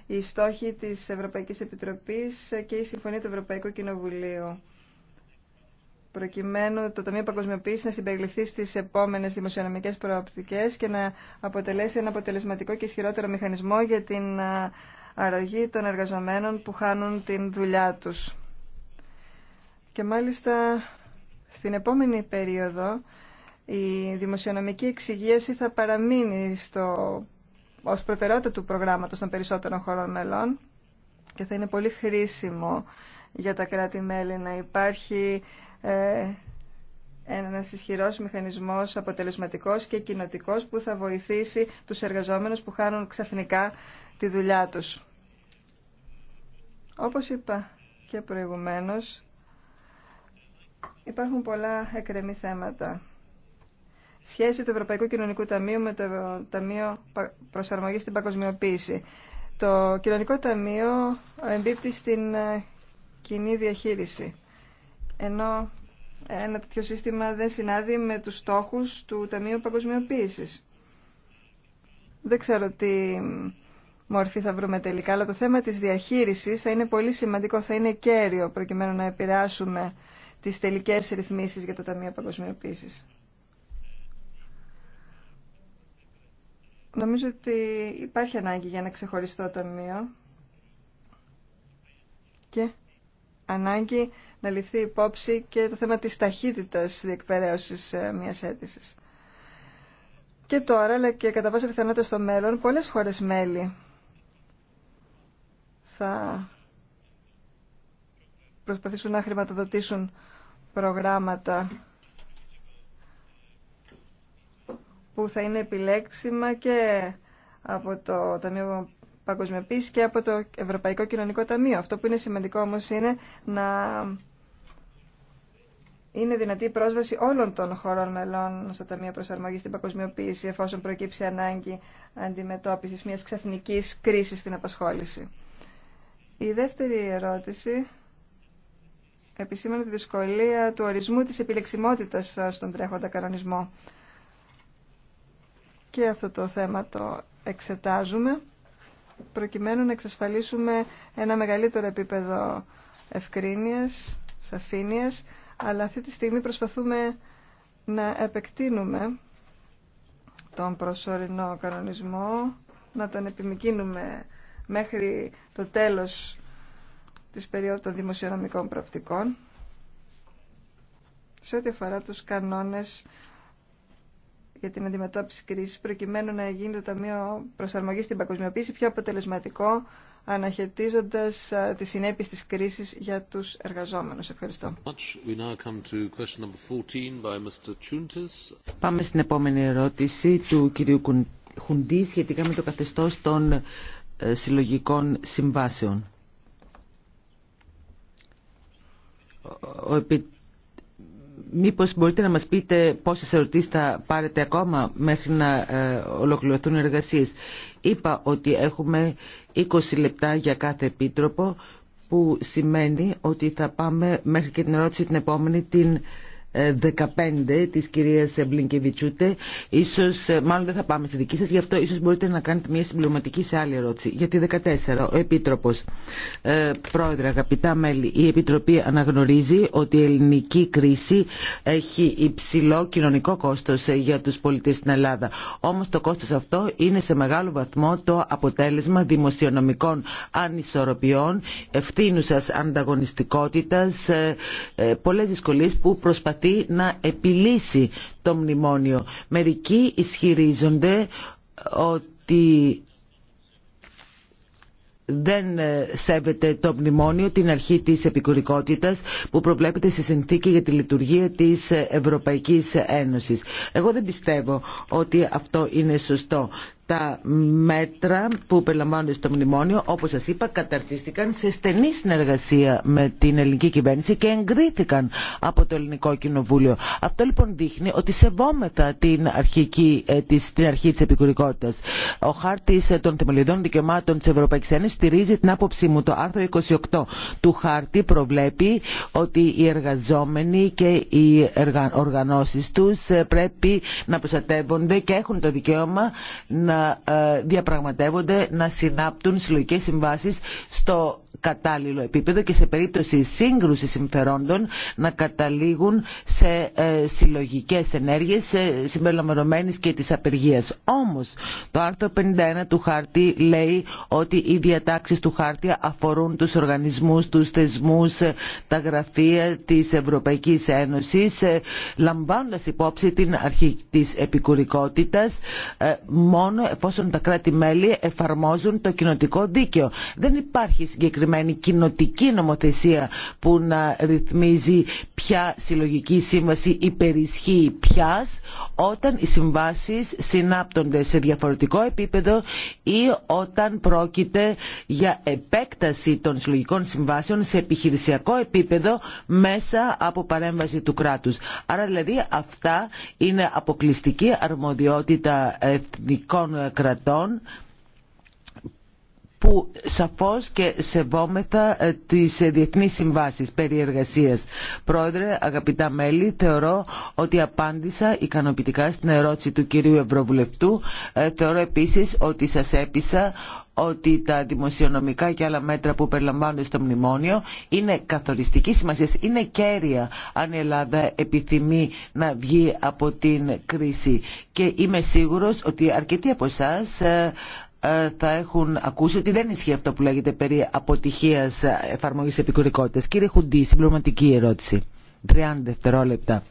οι στόχοι της Ευρωπαϊκής Επιτροπής και η Συμφωνία του Ευρωπαϊκού Κοινοβουλίου προκειμένου το Ταμείο Παγκοσμιοποίηση να συμπεριληφθεί στι επόμενε δημοσιονομικέ προοπτικέ και να αποτελέσει ένα αποτελεσματικό και ισχυρότερο μηχανισμό για την ε, αρρωγή των εργαζομένων που χάνουν την δουλειά του. Και μάλιστα στην επόμενη περίοδο η δημοσιονομική εξυγίαση θα παραμείνει στο, ως προτεραιότητα του προγράμματος των περισσότερων χωρών μελών και θα είναι πολύ χρήσιμο για τα κράτη-μέλη να υπάρχει ε, ένας ισχυρός μηχανισμός αποτελεσματικός και κοινοτικό που θα βοηθήσει τους εργαζόμενους που χάνουν ξαφνικά τη δουλειά τους. Όπως είπα και προηγουμένως, υπάρχουν πολλά εκρεμή θέματα σχέση του Ευρωπαϊκού Κοινωνικού Ταμείου με το Ταμείο προσαρμογή στην Παγκοσμιοποίηση. Το Κοινωνικό Ταμείο εμπίπτει στην ε, κοινή διαχείριση, ενώ ένα τέτοιο σύστημα δεν συνάδει με τους στόχους του Ταμείου Παγκοσμιοποίησης. Δεν ξέρω τι μορφή θα βρούμε τελικά, αλλά το θέμα της διαχείρισης θα είναι πολύ σημαντικό, θα είναι κέριο προκειμένου να επηρεάσουμε τις τελικές ρυθμίσεις για το Ταμείο Παγκοσμιοποίησης. Νομίζω ότι υπάρχει ανάγκη για ένα ξεχωριστό ταμείο και ανάγκη να ληφθεί υπόψη και το θέμα της ταχύτητας διεκπαιρέωσης ε, μιας αίτησης. Και τώρα, αλλά και κατά πάσα πιθανότητα στο μέλλον, πολλές χώρες μέλη θα προσπαθήσουν να χρηματοδοτήσουν προγράμματα που θα είναι επιλέξιμα και από το Ταμείο Παγκοσμιοποίηση και από το Ευρωπαϊκό Κοινωνικό Ταμείο. Αυτό που είναι σημαντικό όμως είναι να είναι δυνατή η πρόσβαση όλων των χωρών μελών στο Ταμείο Προσαρμογή στην Παγκοσμιοποίηση, εφόσον προκύψει ανάγκη αντιμετώπιση μια ξαφνική κρίση στην απασχόληση. Η δεύτερη ερώτηση επισήμανε τη δυσκολία του ορισμού της επιλεξιμότητας στον τρέχοντα κανονισμό και αυτό το θέμα το εξετάζουμε προκειμένου να εξασφαλίσουμε ένα μεγαλύτερο επίπεδο ευκρίνειας, σαφήνειας, αλλά αυτή τη στιγμή προσπαθούμε να επεκτείνουμε τον προσωρινό κανονισμό, να τον επιμηκύνουμε μέχρι το τέλος της περίοδου των δημοσιονομικών προοπτικών σε ό,τι αφορά τους κανόνες για την αντιμετώπιση κρίσης προκειμένου να γίνει το Ταμείο Προσαρμογής στην Παγκοσμιοποίηση πιο αποτελεσματικό αναχαιτίζοντας τις συνέπειες της κρίσης για τους εργαζόμενους. Ευχαριστώ. Πάμε στην επόμενη ερώτηση του κυρίου Χουντή σχετικά με το καθεστώς των συλλογικών συμβάσεων. Ο Μήπως μπορείτε να μας πείτε πόσες ερωτήσεις θα πάρετε ακόμα μέχρι να ε, ολοκληρωθούν οι εργασίες. Είπα ότι έχουμε 20 λεπτά για κάθε επίτροπο που σημαίνει ότι θα πάμε μέχρι και την ερώτηση την επόμενη την 15 της κυρίας Μπλινκεβιτσούτε. Ίσως, ε, μάλλον δεν θα πάμε στη δική σας, γι' αυτό ίσως μπορείτε να κάνετε μια συμπληρωματική σε άλλη ερώτηση. Για 14, ο Επίτροπος. Ε, πρόεδρε, αγαπητά μέλη, η Επιτροπή αναγνωρίζει ότι η ελληνική κρίση έχει υψηλό κοινωνικό κόστος ε, για τους πολίτες στην Ελλάδα. Όμως το κόστος αυτό είναι σε μεγάλο βαθμό το αποτέλεσμα δημοσιονομικών ανισορροπιών, ευθύνουσας ανταγωνιστικότητας, ε, πολλές δυσκολίες που προσπαθούν προσπαθεί να επιλύσει το μνημόνιο. Μερικοί ισχυρίζονται ότι δεν ε, σέβεται το μνημόνιο την αρχή της επικουρικότητας που προβλέπεται στη συνθήκη για τη λειτουργία της ε, Ευρωπαϊκής Ένωσης. Εγώ δεν πιστεύω ότι αυτό είναι σωστό τα μέτρα που περιλαμβάνονται στο μνημόνιο, όπως σας είπα, καταρτίστηκαν σε στενή συνεργασία με την ελληνική κυβέρνηση και εγκρίθηκαν από το ελληνικό κοινοβούλιο. Αυτό λοιπόν δείχνει ότι σεβόμεθα την, αρχική, ε, την αρχή της επικουρικότητας. Ο χάρτης ε, των θεμελιωδών δικαιωμάτων της Ευρωπαϊκής Ένωσης στηρίζει την άποψή μου. Το άρθρο 28 του χάρτη προβλέπει ότι οι εργαζόμενοι και οι οργανώσεις τους ε, πρέπει να προστατεύονται και έχουν το δικαίωμα να ε, διαπραγματεύονται, να συνάπτουν συλλογικές συμβάσεις στο κατάλληλο επίπεδο και σε περίπτωση σύγκρουση συμφερόντων να καταλήγουν σε ε, συλλογικές ενέργειες συμπεριλαμβανομένης και της απεργίας. Όμως το άρθρο 51 του χάρτη λέει ότι οι διατάξεις του χάρτη αφορούν τους οργανισμούς, τους θεσμούς, ε, τα γραφεία της Ευρωπαϊκής Ένωσης ε, λαμβάνοντας υπόψη την αρχή της επικουρικότητας μόνο εφόσον τα κράτη-μέλη εφαρμόζουν το κοινοτικό δίκαιο. Δεν υπάρχει συγκεκριμένη κοινοτική νομοθεσία που να ρυθμίζει ποια συλλογική σύμβαση υπερισχύει πια όταν οι συμβάσεις συνάπτονται σε διαφορετικό επίπεδο ή όταν πρόκειται για επέκταση των συλλογικών συμβάσεων σε επιχειρησιακό επίπεδο μέσα από παρέμβαση του κράτους. Άρα δηλαδή αυτά είναι αποκλειστική αρμοδιότητα εθνικών κρατών που σαφώς και σεβόμεθα ε, τις ε, διεθνείς συμβάσεις περί εργασίας. Πρόεδρε, αγαπητά μέλη, θεωρώ ότι απάντησα ικανοποιητικά στην ερώτηση του κυρίου Ευρωβουλευτού. Ε, θεωρώ επίσης ότι σας έπεισα ότι τα δημοσιονομικά και άλλα μέτρα που περιλαμβάνονται στο μνημόνιο είναι καθοριστική σημασία, είναι κέρια αν η Ελλάδα επιθυμεί να βγει από την κρίση. Και είμαι σίγουρος ότι αρκετοί από εσά ε, θα έχουν ακούσει ότι δεν ισχύει αυτό που λέγεται περί αποτυχίας ε, εφαρμογής επικουρικότητας. Κύριε Χουντή, συμπληρωματική ερώτηση. 30 δευτερόλεπτα.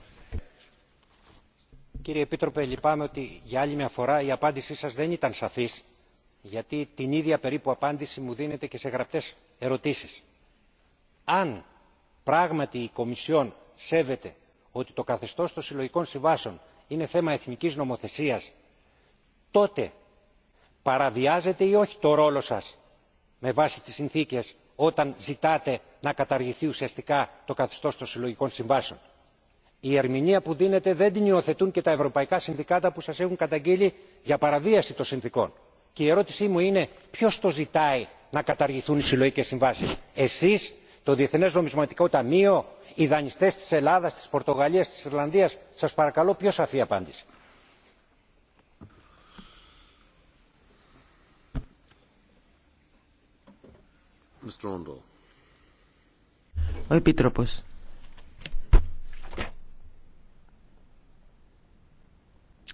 Κύριε Επίτροπε, λυπάμαι ότι για άλλη μια φορά η απάντησή σας δεν ήταν σαφής, γιατί την ίδια περίπου απάντηση μου δίνεται και σε γραπτές ερωτήσεις. Αν πράγματι η Κομισιόν σέβεται ότι το καθεστώς των συλλογικών συμβάσεων είναι θέμα εθνικής νομοθεσίας, τότε παραβιάζετε ή όχι το ρόλο σας με βάση τις συνθήκες όταν ζητάτε να καταργηθεί ουσιαστικά το καθεστώς των συλλογικών συμβάσεων. η ερμηνεία που δίνετε δεν την υιοθετούν και τα ευρωπαϊκά συνδικάτα που σας έχουν καταγγείλει για παραβίαση των συνθήκων και η ερώτησή μου είναι ποιος το ζητάει να καταργηθούν οι συλλογικές συμβάσεις εσείς το διεθνές νομισματικό ταμείο οι δανειστές της ελλάδας της πορτογαλίας της ιρλανδίας; σας παρακαλώ ποιο σαφή απάντηση. Ο Επίτροπος.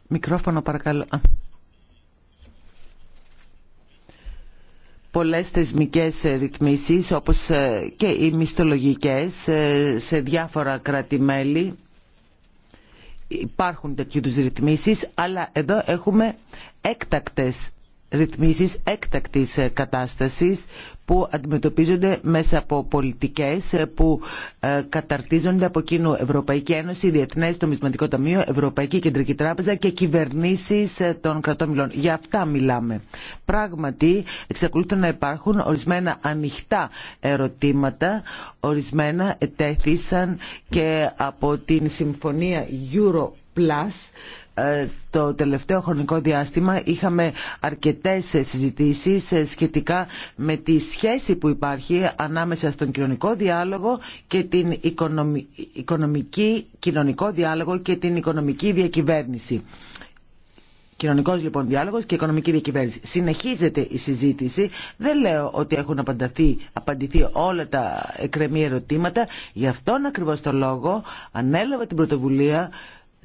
Μικρόφωνο παρακαλώ. πολλές θεσμικές ρυθμίσεις όπως ε, και οι μισθολογικές ε, σε διάφορα κράτη-μέλη. Υπάρχουν τέτοιου τους ρυθμίσεις, αλλά εδώ έχουμε έκτακτες ρυθμίσεις έκτακτης κατάστασης που αντιμετωπίζονται μέσα από πολιτικές που ε, καταρτίζονται από κοινού Ευρωπαϊκή Ένωση, Διεθνές Τομισματικό Ταμείο, Ευρωπαϊκή Κεντρική Τράπεζα και κυβερνήσεις ε, των κρατών μιλών. Για αυτά μιλάμε. Πράγματι, εξακολουθούν να υπάρχουν ορισμένα ανοιχτά ερωτήματα, ορισμένα ετέθησαν και από την Συμφωνία Europlus ε, το τελευταίο χρονικό διάστημα είχαμε αρκετές συζητήσεις ε, σχετικά με τη σχέση που υπάρχει ανάμεσα στον κοινωνικό διάλογο και την οικονομική, κοινωνικό διάλογο και την οικονομική διακυβέρνηση. Κοινωνικό λοιπόν διάλογο και οικονομική διακυβέρνηση. Συνεχίζεται η συζήτηση. Δεν λέω ότι έχουν απαντηθεί όλα τα εκκρεμή ερωτήματα. Γι' αυτόν ακριβώ το λόγο ανέλαβα την πρωτοβουλία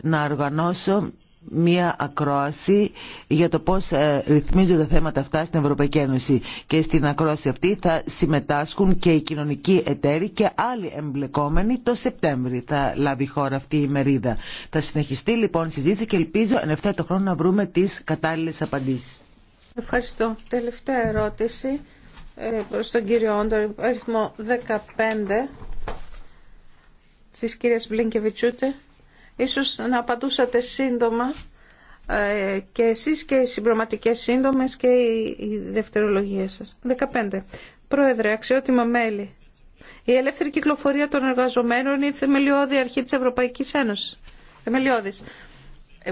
να οργανώσω μία ακρόαση για το πώς ε, ρυθμίζονται θέματα αυτά στην Ευρωπαϊκή Ένωση. Και στην ακρόαση αυτή θα συμμετάσχουν και οι κοινωνικοί εταίροι και άλλοι εμπλεκόμενοι το Σεπτέμβρη θα λάβει η χώρα αυτή η μερίδα. Θα συνεχιστεί λοιπόν η συζήτηση και ελπίζω εν ευθέτω χρόνο να βρούμε τις κατάλληλες απαντήσεις. Ευχαριστώ. Τελευταία ερώτηση ε, προς τον κύριο Όντο, αριθμό 15 της κυρίας Βλίνκεβιτσούτε. Ίσως να απαντούσατε σύντομα ε, και εσείς και οι συμπροματικές σύντομες και οι δευτερολογίες σας. 15. Πρόεδρε, αξιότιμα μέλη. Η ελεύθερη κυκλοφορία των εργαζομένων είναι η θεμελιώδη αρχή της Ευρωπαϊκής Ένωσης. Θεμελιώδης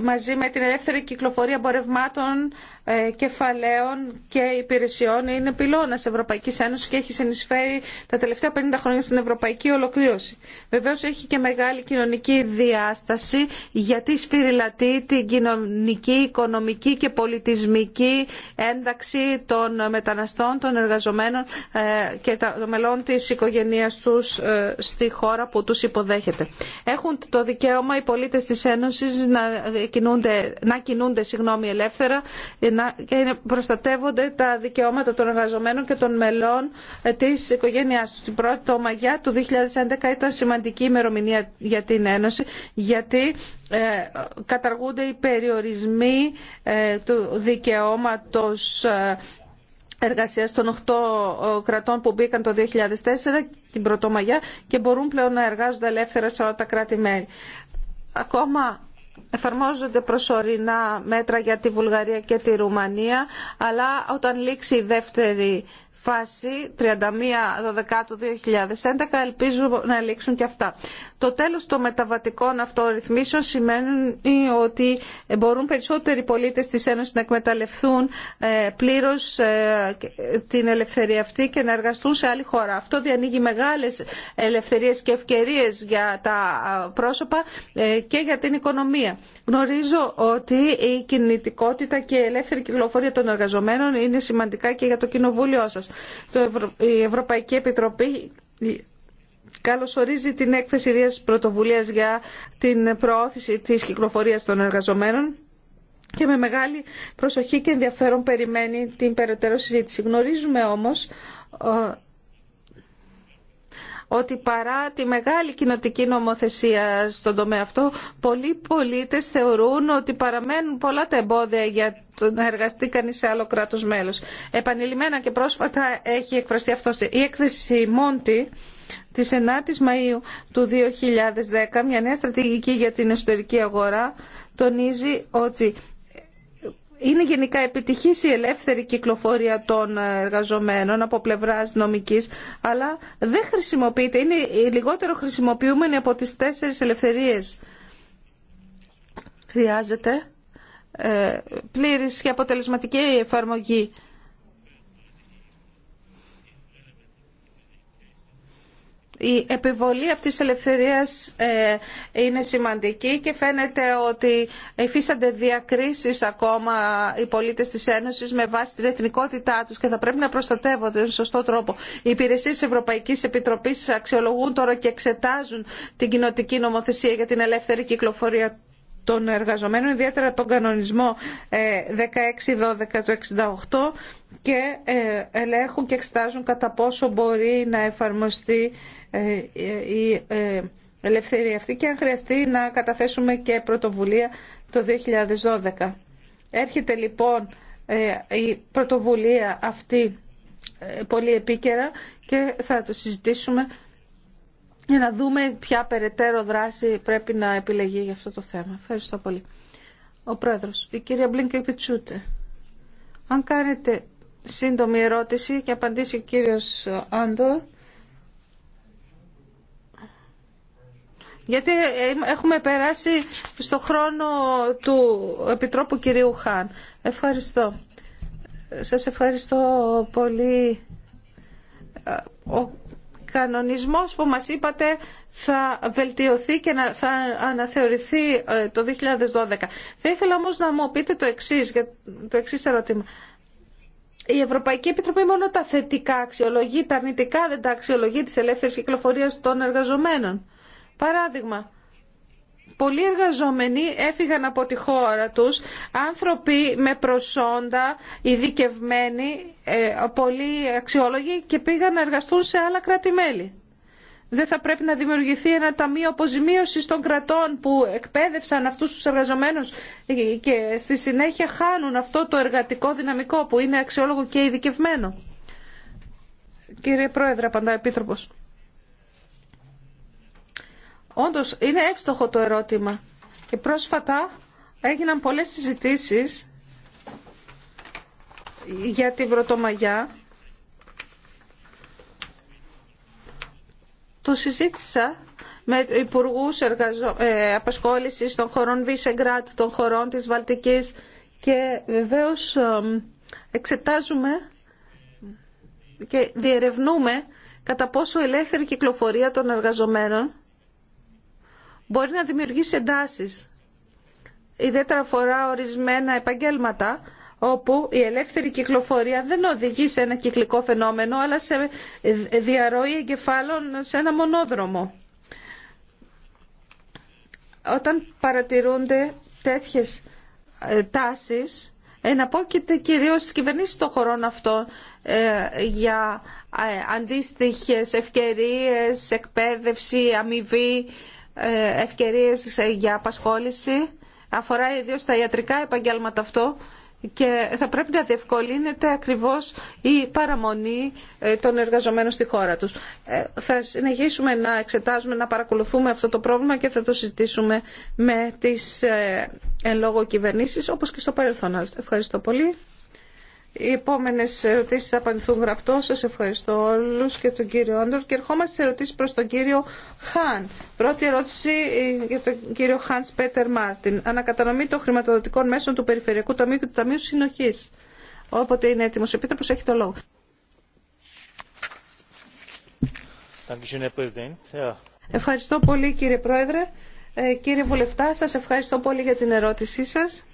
μαζί με την ελεύθερη κυκλοφορία εμπορευμάτων, ε, κεφαλαίων και υπηρεσιών είναι πυλώνας Ευρωπαϊκής Ένωσης και έχει συνεισφέρει τα τελευταία 50 χρόνια στην ευρωπαϊκή ολοκλήρωση. Βεβαίως έχει και μεγάλη κοινωνική διάσταση γιατί σφυριλατεί την κοινωνική, οικονομική και πολιτισμική ένταξη των μεταναστών, των εργαζομένων ε, και των μελών της οικογένειας τους ε, στη χώρα που τους υποδέχεται. Έχουν το δικαίωμα οι πολίτες της Ένωσης να να κινούνται συγγνώμη, ελεύθερα και προστατεύονται τα δικαιώματα των εργαζομένων και των μελών ε, της οικογένειά του. Την 1η Μαγιά του 2011 ήταν σημαντική ημερομηνία για την Ένωση γιατί ε, καταργούνται οι περιορισμοί ε, του δικαιώματος εργασίας των 8 κρατών που μπήκαν το 2004 την Πρωτομαγιά και μπορούν πλέον να εργάζονται ελεύθερα σε όλα τα κράτη-μέλη. Ακόμα εφαρμόζονται προσωρινά μέτρα για τη Βουλγαρία και τη Ρουμανία, αλλά όταν λήξει η δεύτερη φάση 31 Δεκάτου 2011 ελπίζω να λήξουν και αυτά. Το τέλος των μεταβατικών αυτορυθμίσεων σημαίνει ότι μπορούν περισσότεροι πολίτες της Ένωσης να εκμεταλλευτούν ε, πλήρως ε, την ελευθερία αυτή και να εργαστούν σε άλλη χώρα. Αυτό διανοίγει μεγάλες ελευθερίες και ευκαιρίες για τα ε, πρόσωπα και για την οικονομία. Γνωρίζω ότι η κινητικότητα και η ελεύθερη κυκλοφορία των εργαζομένων είναι σημαντικά και για το κοινοβούλιο σας. Το Η Ευρωπαϊκή Επιτροπή καλωσορίζει την έκθεση ιδίας πρωτοβουλίας για την προώθηση της κυκλοφορίας των εργαζομένων και με μεγάλη προσοχή και ενδιαφέρον περιμένει την περαιτέρω συζήτηση. Γνωρίζουμε όμως ε, ότι παρά τη μεγάλη κοινοτική νομοθεσία στον τομέα αυτό, πολλοί πολίτες θεωρούν ότι παραμένουν πολλά τα εμπόδια για να εργαστεί κανείς σε άλλο κράτος μέλος. Επανειλημμένα και πρόσφατα έχει εκφραστεί αυτό. Η έκθεση Μόντι της 9 η Μαΐου του 2010, μια νέα στρατηγική για την εσωτερική αγορά, τονίζει ότι είναι γενικά επιτυχής η ελεύθερη κυκλοφορία των εργαζομένων από πλευράς νομικής, αλλά δεν χρησιμοποιείται, είναι η λιγότερο χρησιμοποιούμενη από τις τέσσερις ελευθερίες. Χρειάζεται ε, πλήρης και αποτελεσματική εφαρμογή Η επιβολή αυτής της ελευθερίας ε, είναι σημαντική και φαίνεται ότι υφίστανται διακρίσεις ακόμα οι πολίτες της Ένωσης με βάση την εθνικότητά τους και θα πρέπει να προστατεύονται με σωστό τρόπο. Οι υπηρεσίες της Ευρωπαϊκής Επιτροπής αξιολογούν τώρα και εξετάζουν την κοινοτική νομοθεσία για την ελεύθερη κυκλοφορία των εργαζομένων, ιδιαίτερα τον κανονισμό 16-12 ε, του 68 και ε, ελέγχουν και εξετάζουν κατά πόσο μπορεί να εφαρμοστεί ε, η ελευθερία αυτή και αν χρειαστεί να καταθέσουμε και πρωτοβουλία το 2012. Έρχεται λοιπόν η πρωτοβουλία αυτή πολύ επίκαιρα και θα το συζητήσουμε για να δούμε ποια περαιτέρω δράση πρέπει να επιλεγεί για αυτό το θέμα. Ευχαριστώ πολύ. Ο Πρόεδρος, η κυρία Μπλίνκα Τσούτε. Αν κάνετε σύντομη ερώτηση και απαντήσει ο κύριος Άντορ, Γιατί ε, έχουμε περάσει στο χρόνο του Επιτρόπου κυρίου Χάν. Ευχαριστώ. Σας ευχαριστώ πολύ κανονισμός που μας είπατε θα βελτιωθεί και θα αναθεωρηθεί ε, το 2012. Θα ήθελα όμως να μου πείτε το εξής, το εξής ερώτημα. Η Ευρωπαϊκή Επιτροπή μόνο τα θετικά αξιολογεί, τα αρνητικά δεν τα αξιολογεί της ελεύθερης κυκλοφορίας των εργαζομένων. Παράδειγμα, Πολλοί εργαζόμενοι έφυγαν από τη χώρα τους, άνθρωποι με προσόντα, ειδικευμένοι, ε, πολύ αξιόλογοι και πήγαν να εργαστούν σε άλλα κράτη-μέλη. Δεν θα πρέπει να δημιουργηθεί ένα ταμείο αποζημίωσης των κρατών που εκπαίδευσαν αυτούς τους εργαζομένους και στη συνέχεια χάνουν αυτό το εργατικό δυναμικό που είναι αξιόλογο και ειδικευμένο. Κύριε Πρόεδρε, απαντά Επίτροπος. Όντως είναι εύστοχο το ερώτημα και πρόσφατα έγιναν πολλές συζητήσεις για τη Βρωτομαγιά. Το συζήτησα με υπουργού εργαζο... ε, απασχόλησης των χωρών Βίσεγκράτ, των χωρών της Βαλτικής και βεβαίως εξετάζουμε και διερευνούμε κατά πόσο ελεύθερη κυκλοφορία των εργαζομένων μπορεί να δημιουργήσει εντάσεις. Ιδιαίτερα αφορά ορισμένα επαγγέλματα όπου η ελεύθερη κυκλοφορία δεν οδηγεί σε ένα κυκλικό φαινόμενο αλλά σε διαρροή εγκεφάλων σε ένα μονόδρομο. Όταν παρατηρούνται τέτοιες ε, τάσεις εναπόκειται κυρίως στις κυβερνήσεις των χωρών αυτών ε, για ε, αντίστοιχες ευκαιρίες, εκπαίδευση, αμοιβή ε, ευκαιρίες για απασχόληση. Αφορά ιδίω τα ιατρικά επαγγέλματα αυτό και θα πρέπει να διευκολύνεται ακριβώς η παραμονή ε, των εργαζομένων στη χώρα τους. Ε, θα συνεχίσουμε να εξετάζουμε, να παρακολουθούμε αυτό το πρόβλημα και θα το συζητήσουμε με τις εν λόγω κυβερνήσεις όπως και στο παρελθόν. Ευχαριστώ πολύ. Οι επόμενε ερωτήσει θα απαντηθούν γραπτό. Σα ευχαριστώ όλους και τον κύριο Όντορ. Και ερχόμαστε σε ερωτήσει προς τον κύριο Χάν. Πρώτη ερώτηση για τον κύριο Χάν Πέτερ Μάρτιν. Ανακατανομή των χρηματοδοτικών μέσων του Περιφερειακού Ταμείου και του Ταμείου Συνοχής. Όποτε είναι έτοιμος. Επίτροπος έχει το λόγο. Ευχαριστώ πολύ κύριε Πρόεδρε. Ε, κύριε Βουλευτά, σας ευχαριστώ πολύ για την ερώτησή σας.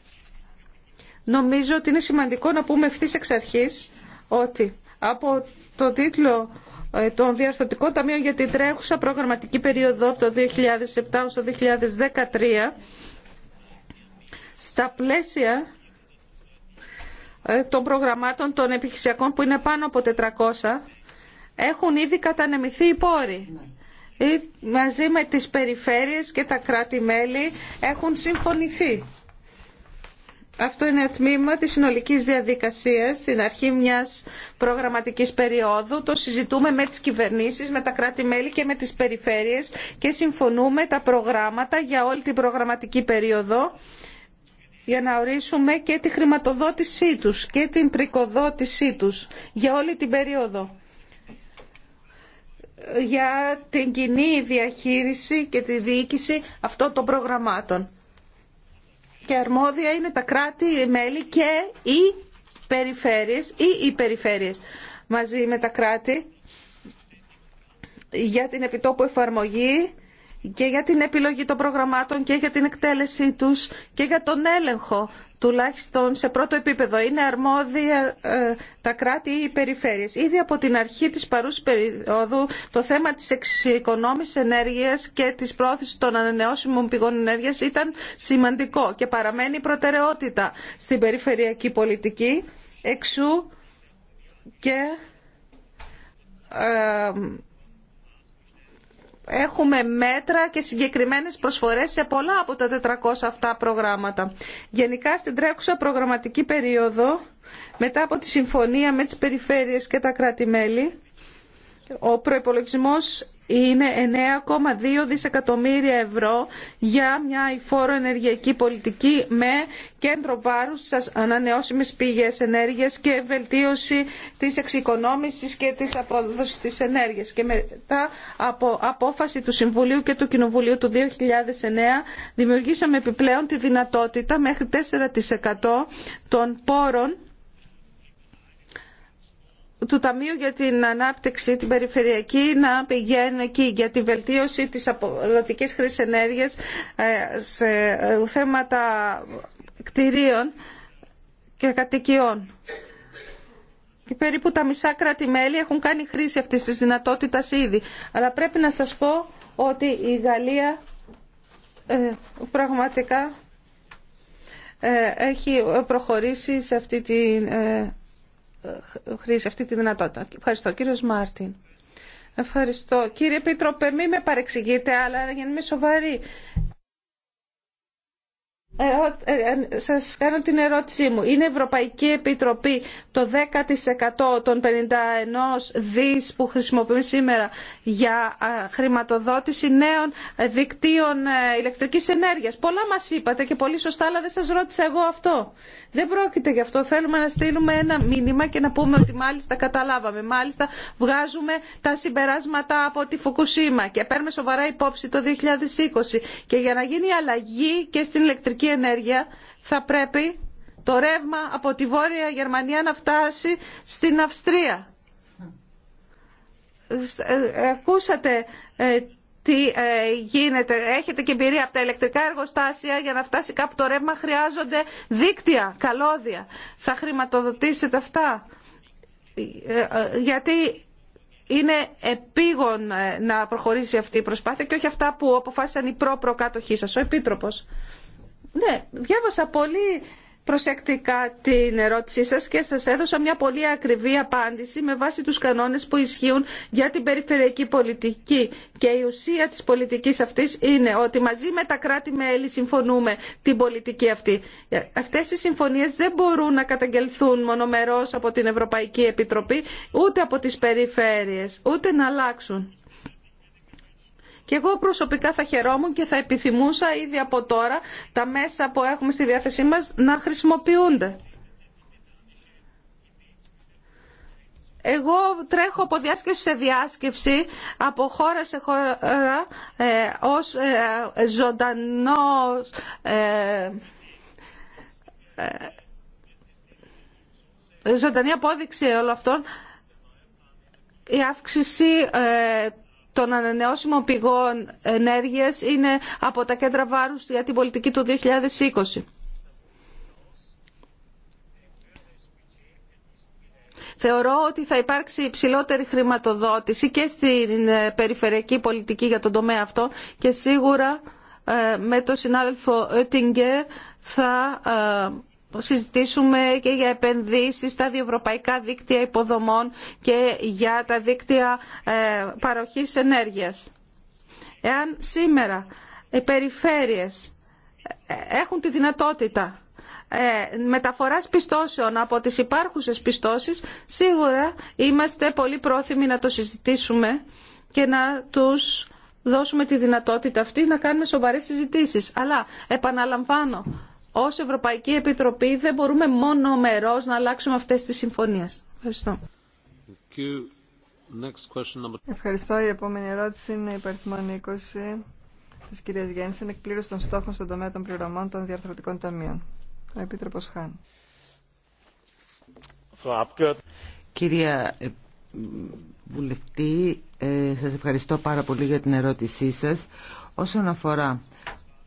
Νομίζω ότι είναι σημαντικό να πούμε ευθύ εξ αρχή ότι από το τίτλο ε, των Διαρθωτικών Ταμείων για την τρέχουσα προγραμματική περίοδο από το 2007 ως το 2013 στα πλαίσια ε, των προγραμμάτων των επιχειρησιακών που είναι πάνω από 400 έχουν ήδη κατανεμηθεί οι πόροι. Μαζί με τις περιφέρειες και τα κράτη-μέλη έχουν συμφωνηθεί αυτό είναι τμήμα της συνολικής διαδικασίας στην αρχή μιας προγραμματικής περίοδου. Το συζητούμε με τις κυβερνήσεις, με τα κράτη-μέλη και με τις περιφέρειες και συμφωνούμε τα προγράμματα για όλη την προγραμματική περίοδο για να ορίσουμε και τη χρηματοδότησή τους και την πρικοδότησή τους για όλη την περίοδο για την κοινή διαχείριση και τη διοίκηση αυτών των προγραμμάτων και αρμόδια είναι τα κράτη-μέλη και οι περιφέρειες ή οι περιφέρειες μαζί με τα κράτη για την επιτόπου εφαρμογή και για την επιλογή των προγραμμάτων και για την εκτέλεσή τους και για τον έλεγχο τουλάχιστον σε πρώτο επίπεδο. Είναι αρμόδια ε, τα κράτη ή οι περιφέρειες. Ήδη από την αρχή της παρούς περίοδου το θέμα της εξοικονόμησης ενέργειας και της πρόθεσης των ανανεώσιμων πηγών ενέργειας ήταν σημαντικό και παραμένει προτεραιότητα στην περιφερειακή πολιτική εξού και... Ε, έχουμε μέτρα και συγκεκριμένες προσφορές σε πολλά από τα 400 αυτά προγράμματα. Γενικά στην τρέχουσα προγραμματική περίοδο, μετά από τη συμφωνία με τις περιφέρειες και τα κράτη-μέλη, ο προϋπολογισμός είναι 9,2 δισεκατομμύρια ευρώ για μια υφόρο ενεργειακή πολιτική με κέντρο βάρους στις ανανεώσιμες πηγές ενέργειας και βελτίωση της εξοικονόμησης και της απόδοσης της ενέργειας. Και μετά από απόφαση του Συμβουλίου και του Κοινοβουλίου του 2009 δημιουργήσαμε επιπλέον τη δυνατότητα μέχρι 4% των πόρων του Ταμείου για την Ανάπτυξη, την Περιφερειακή, να πηγαίνουν εκεί για τη βελτίωση της αποδοτικής χρήσης ενέργειας ε, σε ε, θέματα κτηρίων και κατοικιών. Και περίπου τα μισά κράτη-μέλη έχουν κάνει χρήση αυτής της δυνατότητας ήδη. Αλλά πρέπει να σας πω ότι η Γαλλία ε, πραγματικά ε, έχει προχωρήσει σε αυτή τη ε, ε, χρήση, αυτή τη δυνατότητα. Ευχαριστώ. Κύριος Μάρτιν. Ευχαριστώ. Κύριε Πίτροπε, μην με παρεξηγείτε, αλλά για να είμαι σοβαρή. Ε, ε, σας κάνω την ερώτησή μου. Είναι Ευρωπαϊκή Επιτροπή το 10% των 51 δις που χρησιμοποιούν σήμερα για χρηματοδότηση νέων ε, δικτύων ηλεκτρικής ενέργειας. Πολλά μας είπατε και πολύ σωστά, αλλά δεν σας ρώτησα εγώ αυτό. Δεν πρόκειται γι' αυτό. Θέλουμε να στείλουμε ένα μήνυμα και να πούμε ότι μάλιστα καταλάβαμε. Μάλιστα βγάζουμε τα συμπεράσματα από τη Φουκουσίμα και παίρνουμε σοβαρά υπόψη το 2020 και για να γίνει αλλαγή και στην ηλεκτρική ενέργεια θα πρέπει το ρεύμα από τη Βόρεια Γερμανία να φτάσει στην Αυστρία. Ε, ε, ακούσατε ε, τι γίνεται. Έχετε και εμπειρία από τα ηλεκτρικά εργοστάσια. Για να φτάσει κάπου το ρεύμα χρειάζονται δίκτυα, καλώδια. Θα χρηματοδοτήσετε αυτά. Γιατί είναι επίγον να προχωρήσει αυτή η προσπάθεια και όχι αυτά που αποφάσισαν οι προ-προκάτοχοί σας, ο Επίτροπος. Ναι, διάβασα πολύ προσεκτικά την ερώτησή σας και σας έδωσα μια πολύ ακριβή απάντηση με βάση τους κανόνες που ισχύουν για την περιφερειακή πολιτική. Και η ουσία της πολιτικής αυτής είναι ότι μαζί με τα κράτη-μέλη συμφωνούμε την πολιτική αυτή. Αυτές οι συμφωνίες δεν μπορούν να καταγγελθούν μονομερώς από την Ευρωπαϊκή Επιτροπή, ούτε από τις περιφέρειες, ούτε να αλλάξουν. Και εγώ προσωπικά θα χαιρόμουν και θα επιθυμούσα ήδη από τώρα τα μέσα που έχουμε στη διάθεσή μας να χρησιμοποιούνται. Εγώ τρέχω από διάσκεψη σε διάσκεψη, από χώρα σε χώρα, ε, ως ε, ζωντανός ε, ε, ζωντανή απόδειξη όλων αυτών η αύξηση ε, των ανανεώσιμων πηγών ενέργειας είναι από τα κέντρα βάρους για την πολιτική του 2020. Θεωρώ ότι θα υπάρξει υψηλότερη χρηματοδότηση και στην ε, περιφερειακή πολιτική για τον τομέα αυτό και σίγουρα ε, με τον συνάδελφο Oettinger θα ε, συζητήσουμε και για επενδύσεις στα διευρωπαϊκά δίκτυα υποδομών και για τα δίκτυα ε, παροχής ενέργειας. Εάν σήμερα οι περιφέρειες ε, έχουν τη δυνατότητα ε, μεταφοράς πιστώσεων από τις υπάρχουσες πιστώσεις, σίγουρα είμαστε πολύ πρόθυμοι να το συζητήσουμε και να τους δώσουμε τη δυνατότητα αυτή να κάνουμε σοβαρές συζητήσεις. Αλλά επαναλαμβάνω, ως Ευρωπαϊκή Επιτροπή δεν μπορούμε μόνο μερός να αλλάξουμε αυτές τις συμφωνίες. Ευχαριστώ. Ευχαριστώ. Η επόμενη ερώτηση είναι η παριθμόν 20 της κυρίας Είναι εκπλήρωση των στόχων στον τομέα των πληρωμών των διαρθρωτικών ταμείων. Ο Επίτροπος Χάν. Κυρία ε, Βουλευτή, ε, σας ευχαριστώ πάρα πολύ για την ερώτησή σας. Όσον αφορά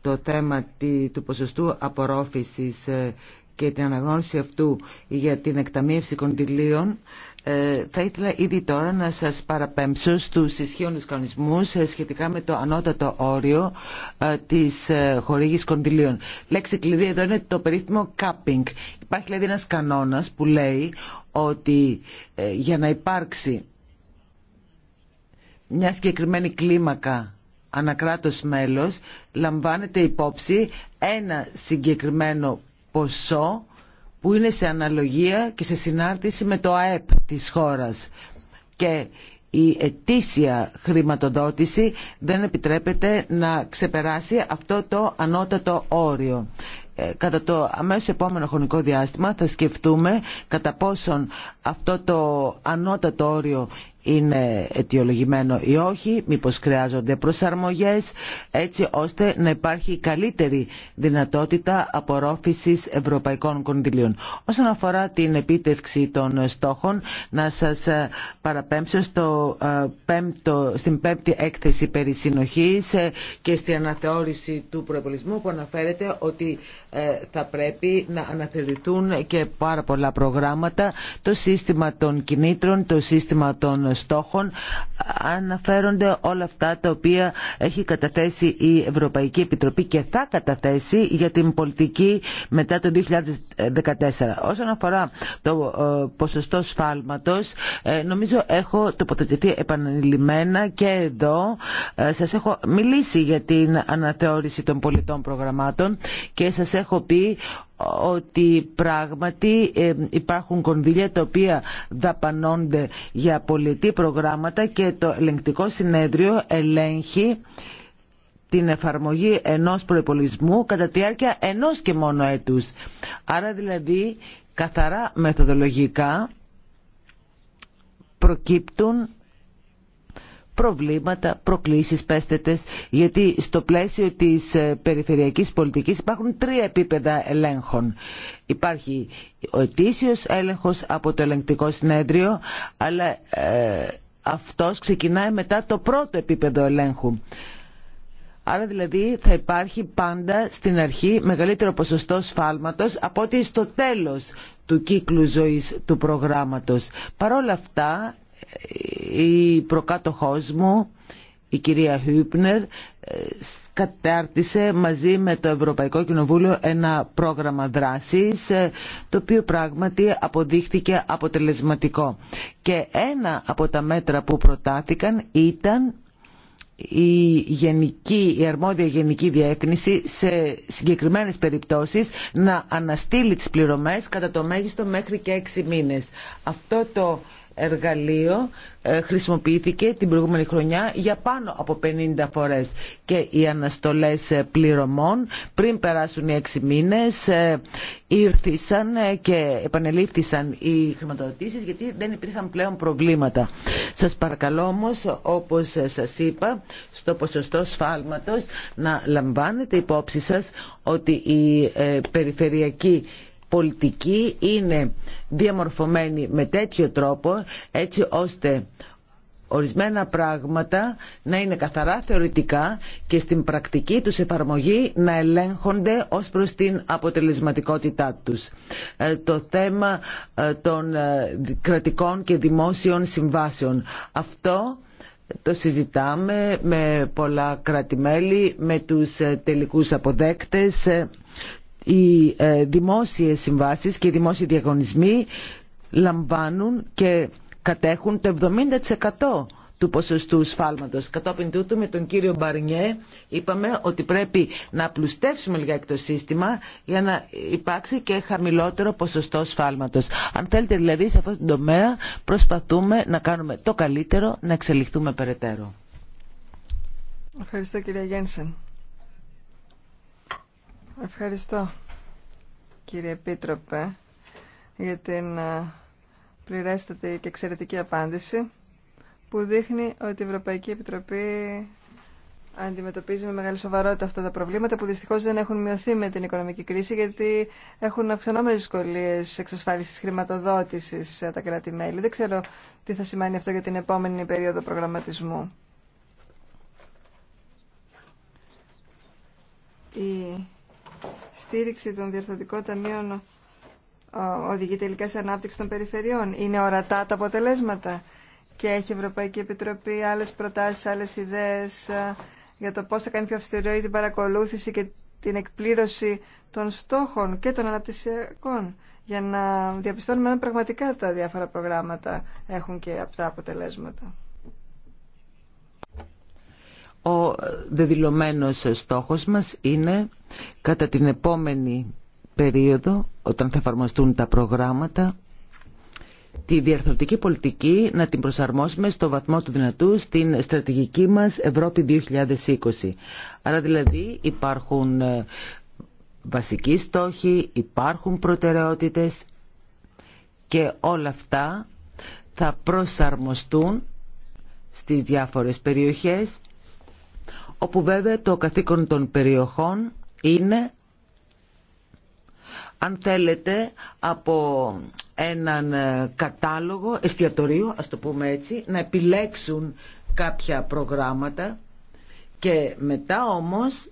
το θέμα του ποσοστού απορρόφησης ε, και την αναγνώριση αυτού για την εκταμείευση κοντιλίων, ε, θα ήθελα ήδη τώρα να σας παραπέμψω στους ισχύοντες κανονισμούς ε, σχετικά με το ανώτατο όριο της χορήγης κοντιλίων. Λέξη κλειδί εδώ είναι το περίφημο capping. Υπάρχει δηλαδή ένας κανόνας που λέει ότι για να υπάρξει μια συγκεκριμένη κλίμακα ανακράτος μέλος λαμβάνεται υπόψη ένα συγκεκριμένο ποσό που είναι σε αναλογία και σε συνάρτηση με το ΑΕΠ της χώρας και η ετήσια χρηματοδότηση δεν επιτρέπεται να ξεπεράσει αυτό το ανώτατο όριο. Ε, κατά το αμέσως επόμενο χρονικό διάστημα θα σκεφτούμε κατά πόσον αυτό το ανώτατο όριο είναι αιτιολογημένο ή όχι, μήπως χρειάζονται προσαρμογές, έτσι ώστε να υπάρχει καλύτερη δυνατότητα απορρόφησης ευρωπαϊκών κονδυλίων. Όσον αφορά την επίτευξη των στόχων, να σας ε, παραπέμψω στο ε, στην πέμπτη έκθεση περί συνοχής ε, και στη αναθεώρηση του προεπολισμού που αναφέρεται ότι θα πρέπει να αναθεωρηθούν και πάρα πολλά προγράμματα, το σύστημα των κινήτρων, το σύστημα των στόχων αναφέρονται όλα αυτά τα οποία έχει καταθέσει η Ευρωπαϊκή Επιτροπή και θα καταθέσει για την πολιτική μετά το 2014. Όσον αφορά το ε, ποσοστό σφάλματος, ε, νομίζω έχω τοποθετηθεί επανειλημμένα και εδώ ε, σας έχω μιλήσει για την αναθεώρηση των πολιτών προγραμμάτων και σας έχω πει ότι πράγματι ε, υπάρχουν κονδύλια τα οποία δαπανώνται για πολιτή προγράμματα και το ελεγκτικό συνέδριο ελέγχει την εφαρμογή ενός προϋπολογισμού κατά τη διάρκεια ενός και μόνο έτους. Άρα δηλαδή καθαρά μεθοδολογικά προκύπτουν προβλήματα, προκλήσεις πέστετες, γιατί στο πλαίσιο της ε, περιφερειακής πολιτικής υπάρχουν τρία επίπεδα ελέγχων. Υπάρχει ο ετήσιος έλεγχος από το ελεγκτικό συνέδριο, αλλά ε, αυτός ξεκινάει μετά το πρώτο επίπεδο ελέγχου. Άρα δηλαδή θα υπάρχει πάντα στην αρχή μεγαλύτερο ποσοστό σφάλματος από ότι στο τέλος του κύκλου ζωής του προγράμματος. Παρόλα αυτά ε, η προκάτοχός μου, η κυρία Χούπνερ, ε, κατάρτισε μαζί με το Ευρωπαϊκό Κοινοβούλιο ένα πρόγραμμα δράσης ε, το οποίο πράγματι αποδείχθηκε αποτελεσματικό. Και ένα από τα μέτρα που προτάθηκαν ήταν η, γενική, η αρμόδια γενική διεύθυνση σε συγκεκριμένες περιπτώσεις να αναστείλει τις πληρωμές κατά το μέγιστο μέχρι και έξι μήνες. Αυτό το εργαλείο ε, χρησιμοποιήθηκε την προηγούμενη χρονιά για πάνω από 50 φορές και οι αναστολές ε, πληρωμών πριν περάσουν οι έξι μήνες ε, ήρθησαν και επανελήφθησαν οι χρηματοδοτήσεις γιατί δεν υπήρχαν πλέον προβλήματα. Σας παρακαλώ όμως όπως σας είπα στο ποσοστό σφάλματος να λαμβάνετε υπόψη σας ότι η περιφερειακή πολιτική είναι διαμορφωμένη με τέτοιο τρόπο έτσι ώστε ορισμένα πράγματα να είναι καθαρά θεωρητικά και στην πρακτική τους εφαρμογή να ελέγχονται ως προς την αποτελεσματικότητά τους. Ε, το θέμα ε, των ε, κρατικών και δημόσιων συμβάσεων. Αυτό το συζητάμε με πολλά κρατημέλη, με τους τελικούς αποδέκτες οι ε, δημόσιες συμβάσεις και οι δημόσιοι διαγωνισμοί λαμβάνουν και κατέχουν το 70% του ποσοστού σφάλματος. Κατόπιν τούτου με τον κύριο Μπαρνιέ είπαμε ότι πρέπει να απλουστεύσουμε λιγάκι το σύστημα για να υπάρξει και χαμηλότερο ποσοστό σφάλματος. Αν θέλετε δηλαδή σε αυτό τον τομέα προσπαθούμε να κάνουμε το καλύτερο, να εξελιχθούμε περαιτέρω. Ευχαριστώ κυρία Γένσεν. Ευχαριστώ κύριε Επίτροπε για την ε, πληρέστατη και εξαιρετική απάντηση που δείχνει ότι η Ευρωπαϊκή Επιτροπή αντιμετωπίζει με μεγάλη σοβαρότητα αυτά τα προβλήματα που δυστυχώ δεν έχουν μειωθεί με την οικονομική κρίση γιατί έχουν αυξανόμενε δυσκολίε εξασφάλιση χρηματοδότηση τα κράτη-μέλη. Δεν ξέρω τι θα σημαίνει αυτό για την επόμενη περίοδο προγραμματισμού. Η στήριξη των διορθωτικών ταμείων οδηγεί τελικά σε ανάπτυξη των περιφερειών. Είναι ορατά τα αποτελέσματα και έχει η Ευρωπαϊκή Επιτροπή άλλες προτάσεις, άλλες ιδέες ε, για το πώς θα κάνει πιο αυστηρό την παρακολούθηση και την εκπλήρωση των στόχων και των αναπτυσσιακών για να διαπιστώνουμε αν πραγματικά τα διάφορα προγράμματα έχουν και αυτά αποτελέσματα. Ο δεδηλωμένος στόχος μας είναι κατά την επόμενη περίοδο, όταν θα εφαρμοστούν τα προγράμματα, τη διαρθρωτική πολιτική να την προσαρμόσουμε στο βαθμό του δυνατού στην στρατηγική μας Ευρώπη 2020. Άρα δηλαδή υπάρχουν ε, βασικοί στόχοι, υπάρχουν προτεραιότητες και όλα αυτά θα προσαρμοστούν στις διάφορες περιοχές όπου βέβαια το καθήκον των περιοχών είναι αν θέλετε, από έναν ε, κατάλογο εστιατορίου, ας το πούμε έτσι, να επιλέξουν κάποια προγράμματα και μετά όμως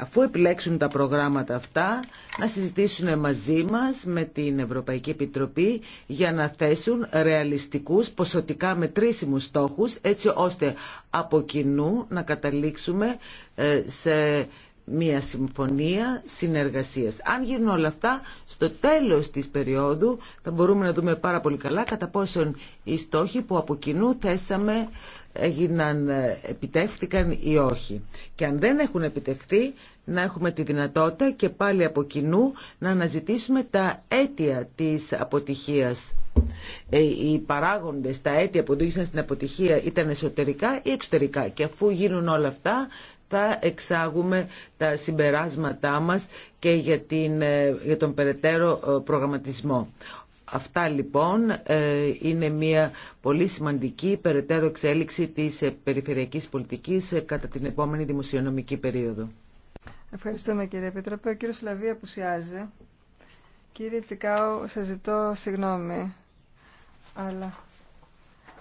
αφού επιλέξουν τα προγράμματα αυτά, να συζητήσουν μαζί μας με την Ευρωπαϊκή Επιτροπή για να θέσουν ρεαλιστικούς, ποσοτικά μετρήσιμους στόχους, έτσι ώστε από κοινού να καταλήξουμε ε, σε μια συμφωνία συνεργασίας. Αν γίνουν όλα αυτά, στο τέλος της περίοδου θα μπορούμε να δούμε πάρα πολύ καλά κατά πόσον οι στόχοι που από κοινού θέσαμε έγιναν, ε, επιτεύχθηκαν ή όχι. Και αν δεν έχουν επιτευχθεί, να έχουμε τη δυνατότητα και πάλι από κοινού να αναζητήσουμε τα αίτια της αποτυχίας. Ε, οι παράγοντες, τα αίτια που οδήγησαν στην αποτυχία ήταν εσωτερικά ή εξωτερικά. Και αφού γίνουν όλα αυτά, θα εξάγουμε τα συμπεράσματά μας και για, την, ε, για τον περαιτέρω ε, προγραμματισμό. Αυτά λοιπόν ε, είναι μια πολύ σημαντική περαιτέρω εξέλιξη της περιφερειακής πολιτικής κατά την επόμενη δημοσιονομική περίοδο. Ευχαριστούμε κύριε Επίτροπε. Ο κύριος που απουσιάζει. Κύριε Τσικάου, σας ζητώ συγγνώμη, αλλά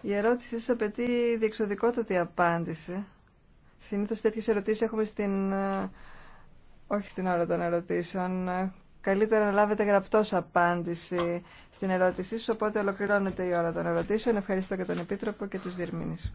η ερώτησή σας απαιτεί διεξοδικότατη απάντηση. Συνήθω τέτοιε ερωτήσεις έχουμε στην... Ε, όχι την ώρα των ερωτήσεων. Καλύτερα να λάβετε γραπτό απάντηση στην ερώτησή σας, οπότε ολοκληρώνεται η ώρα των ερωτήσεων. Ευχαριστώ και τον Επίτροπο και τους Διερμήνες.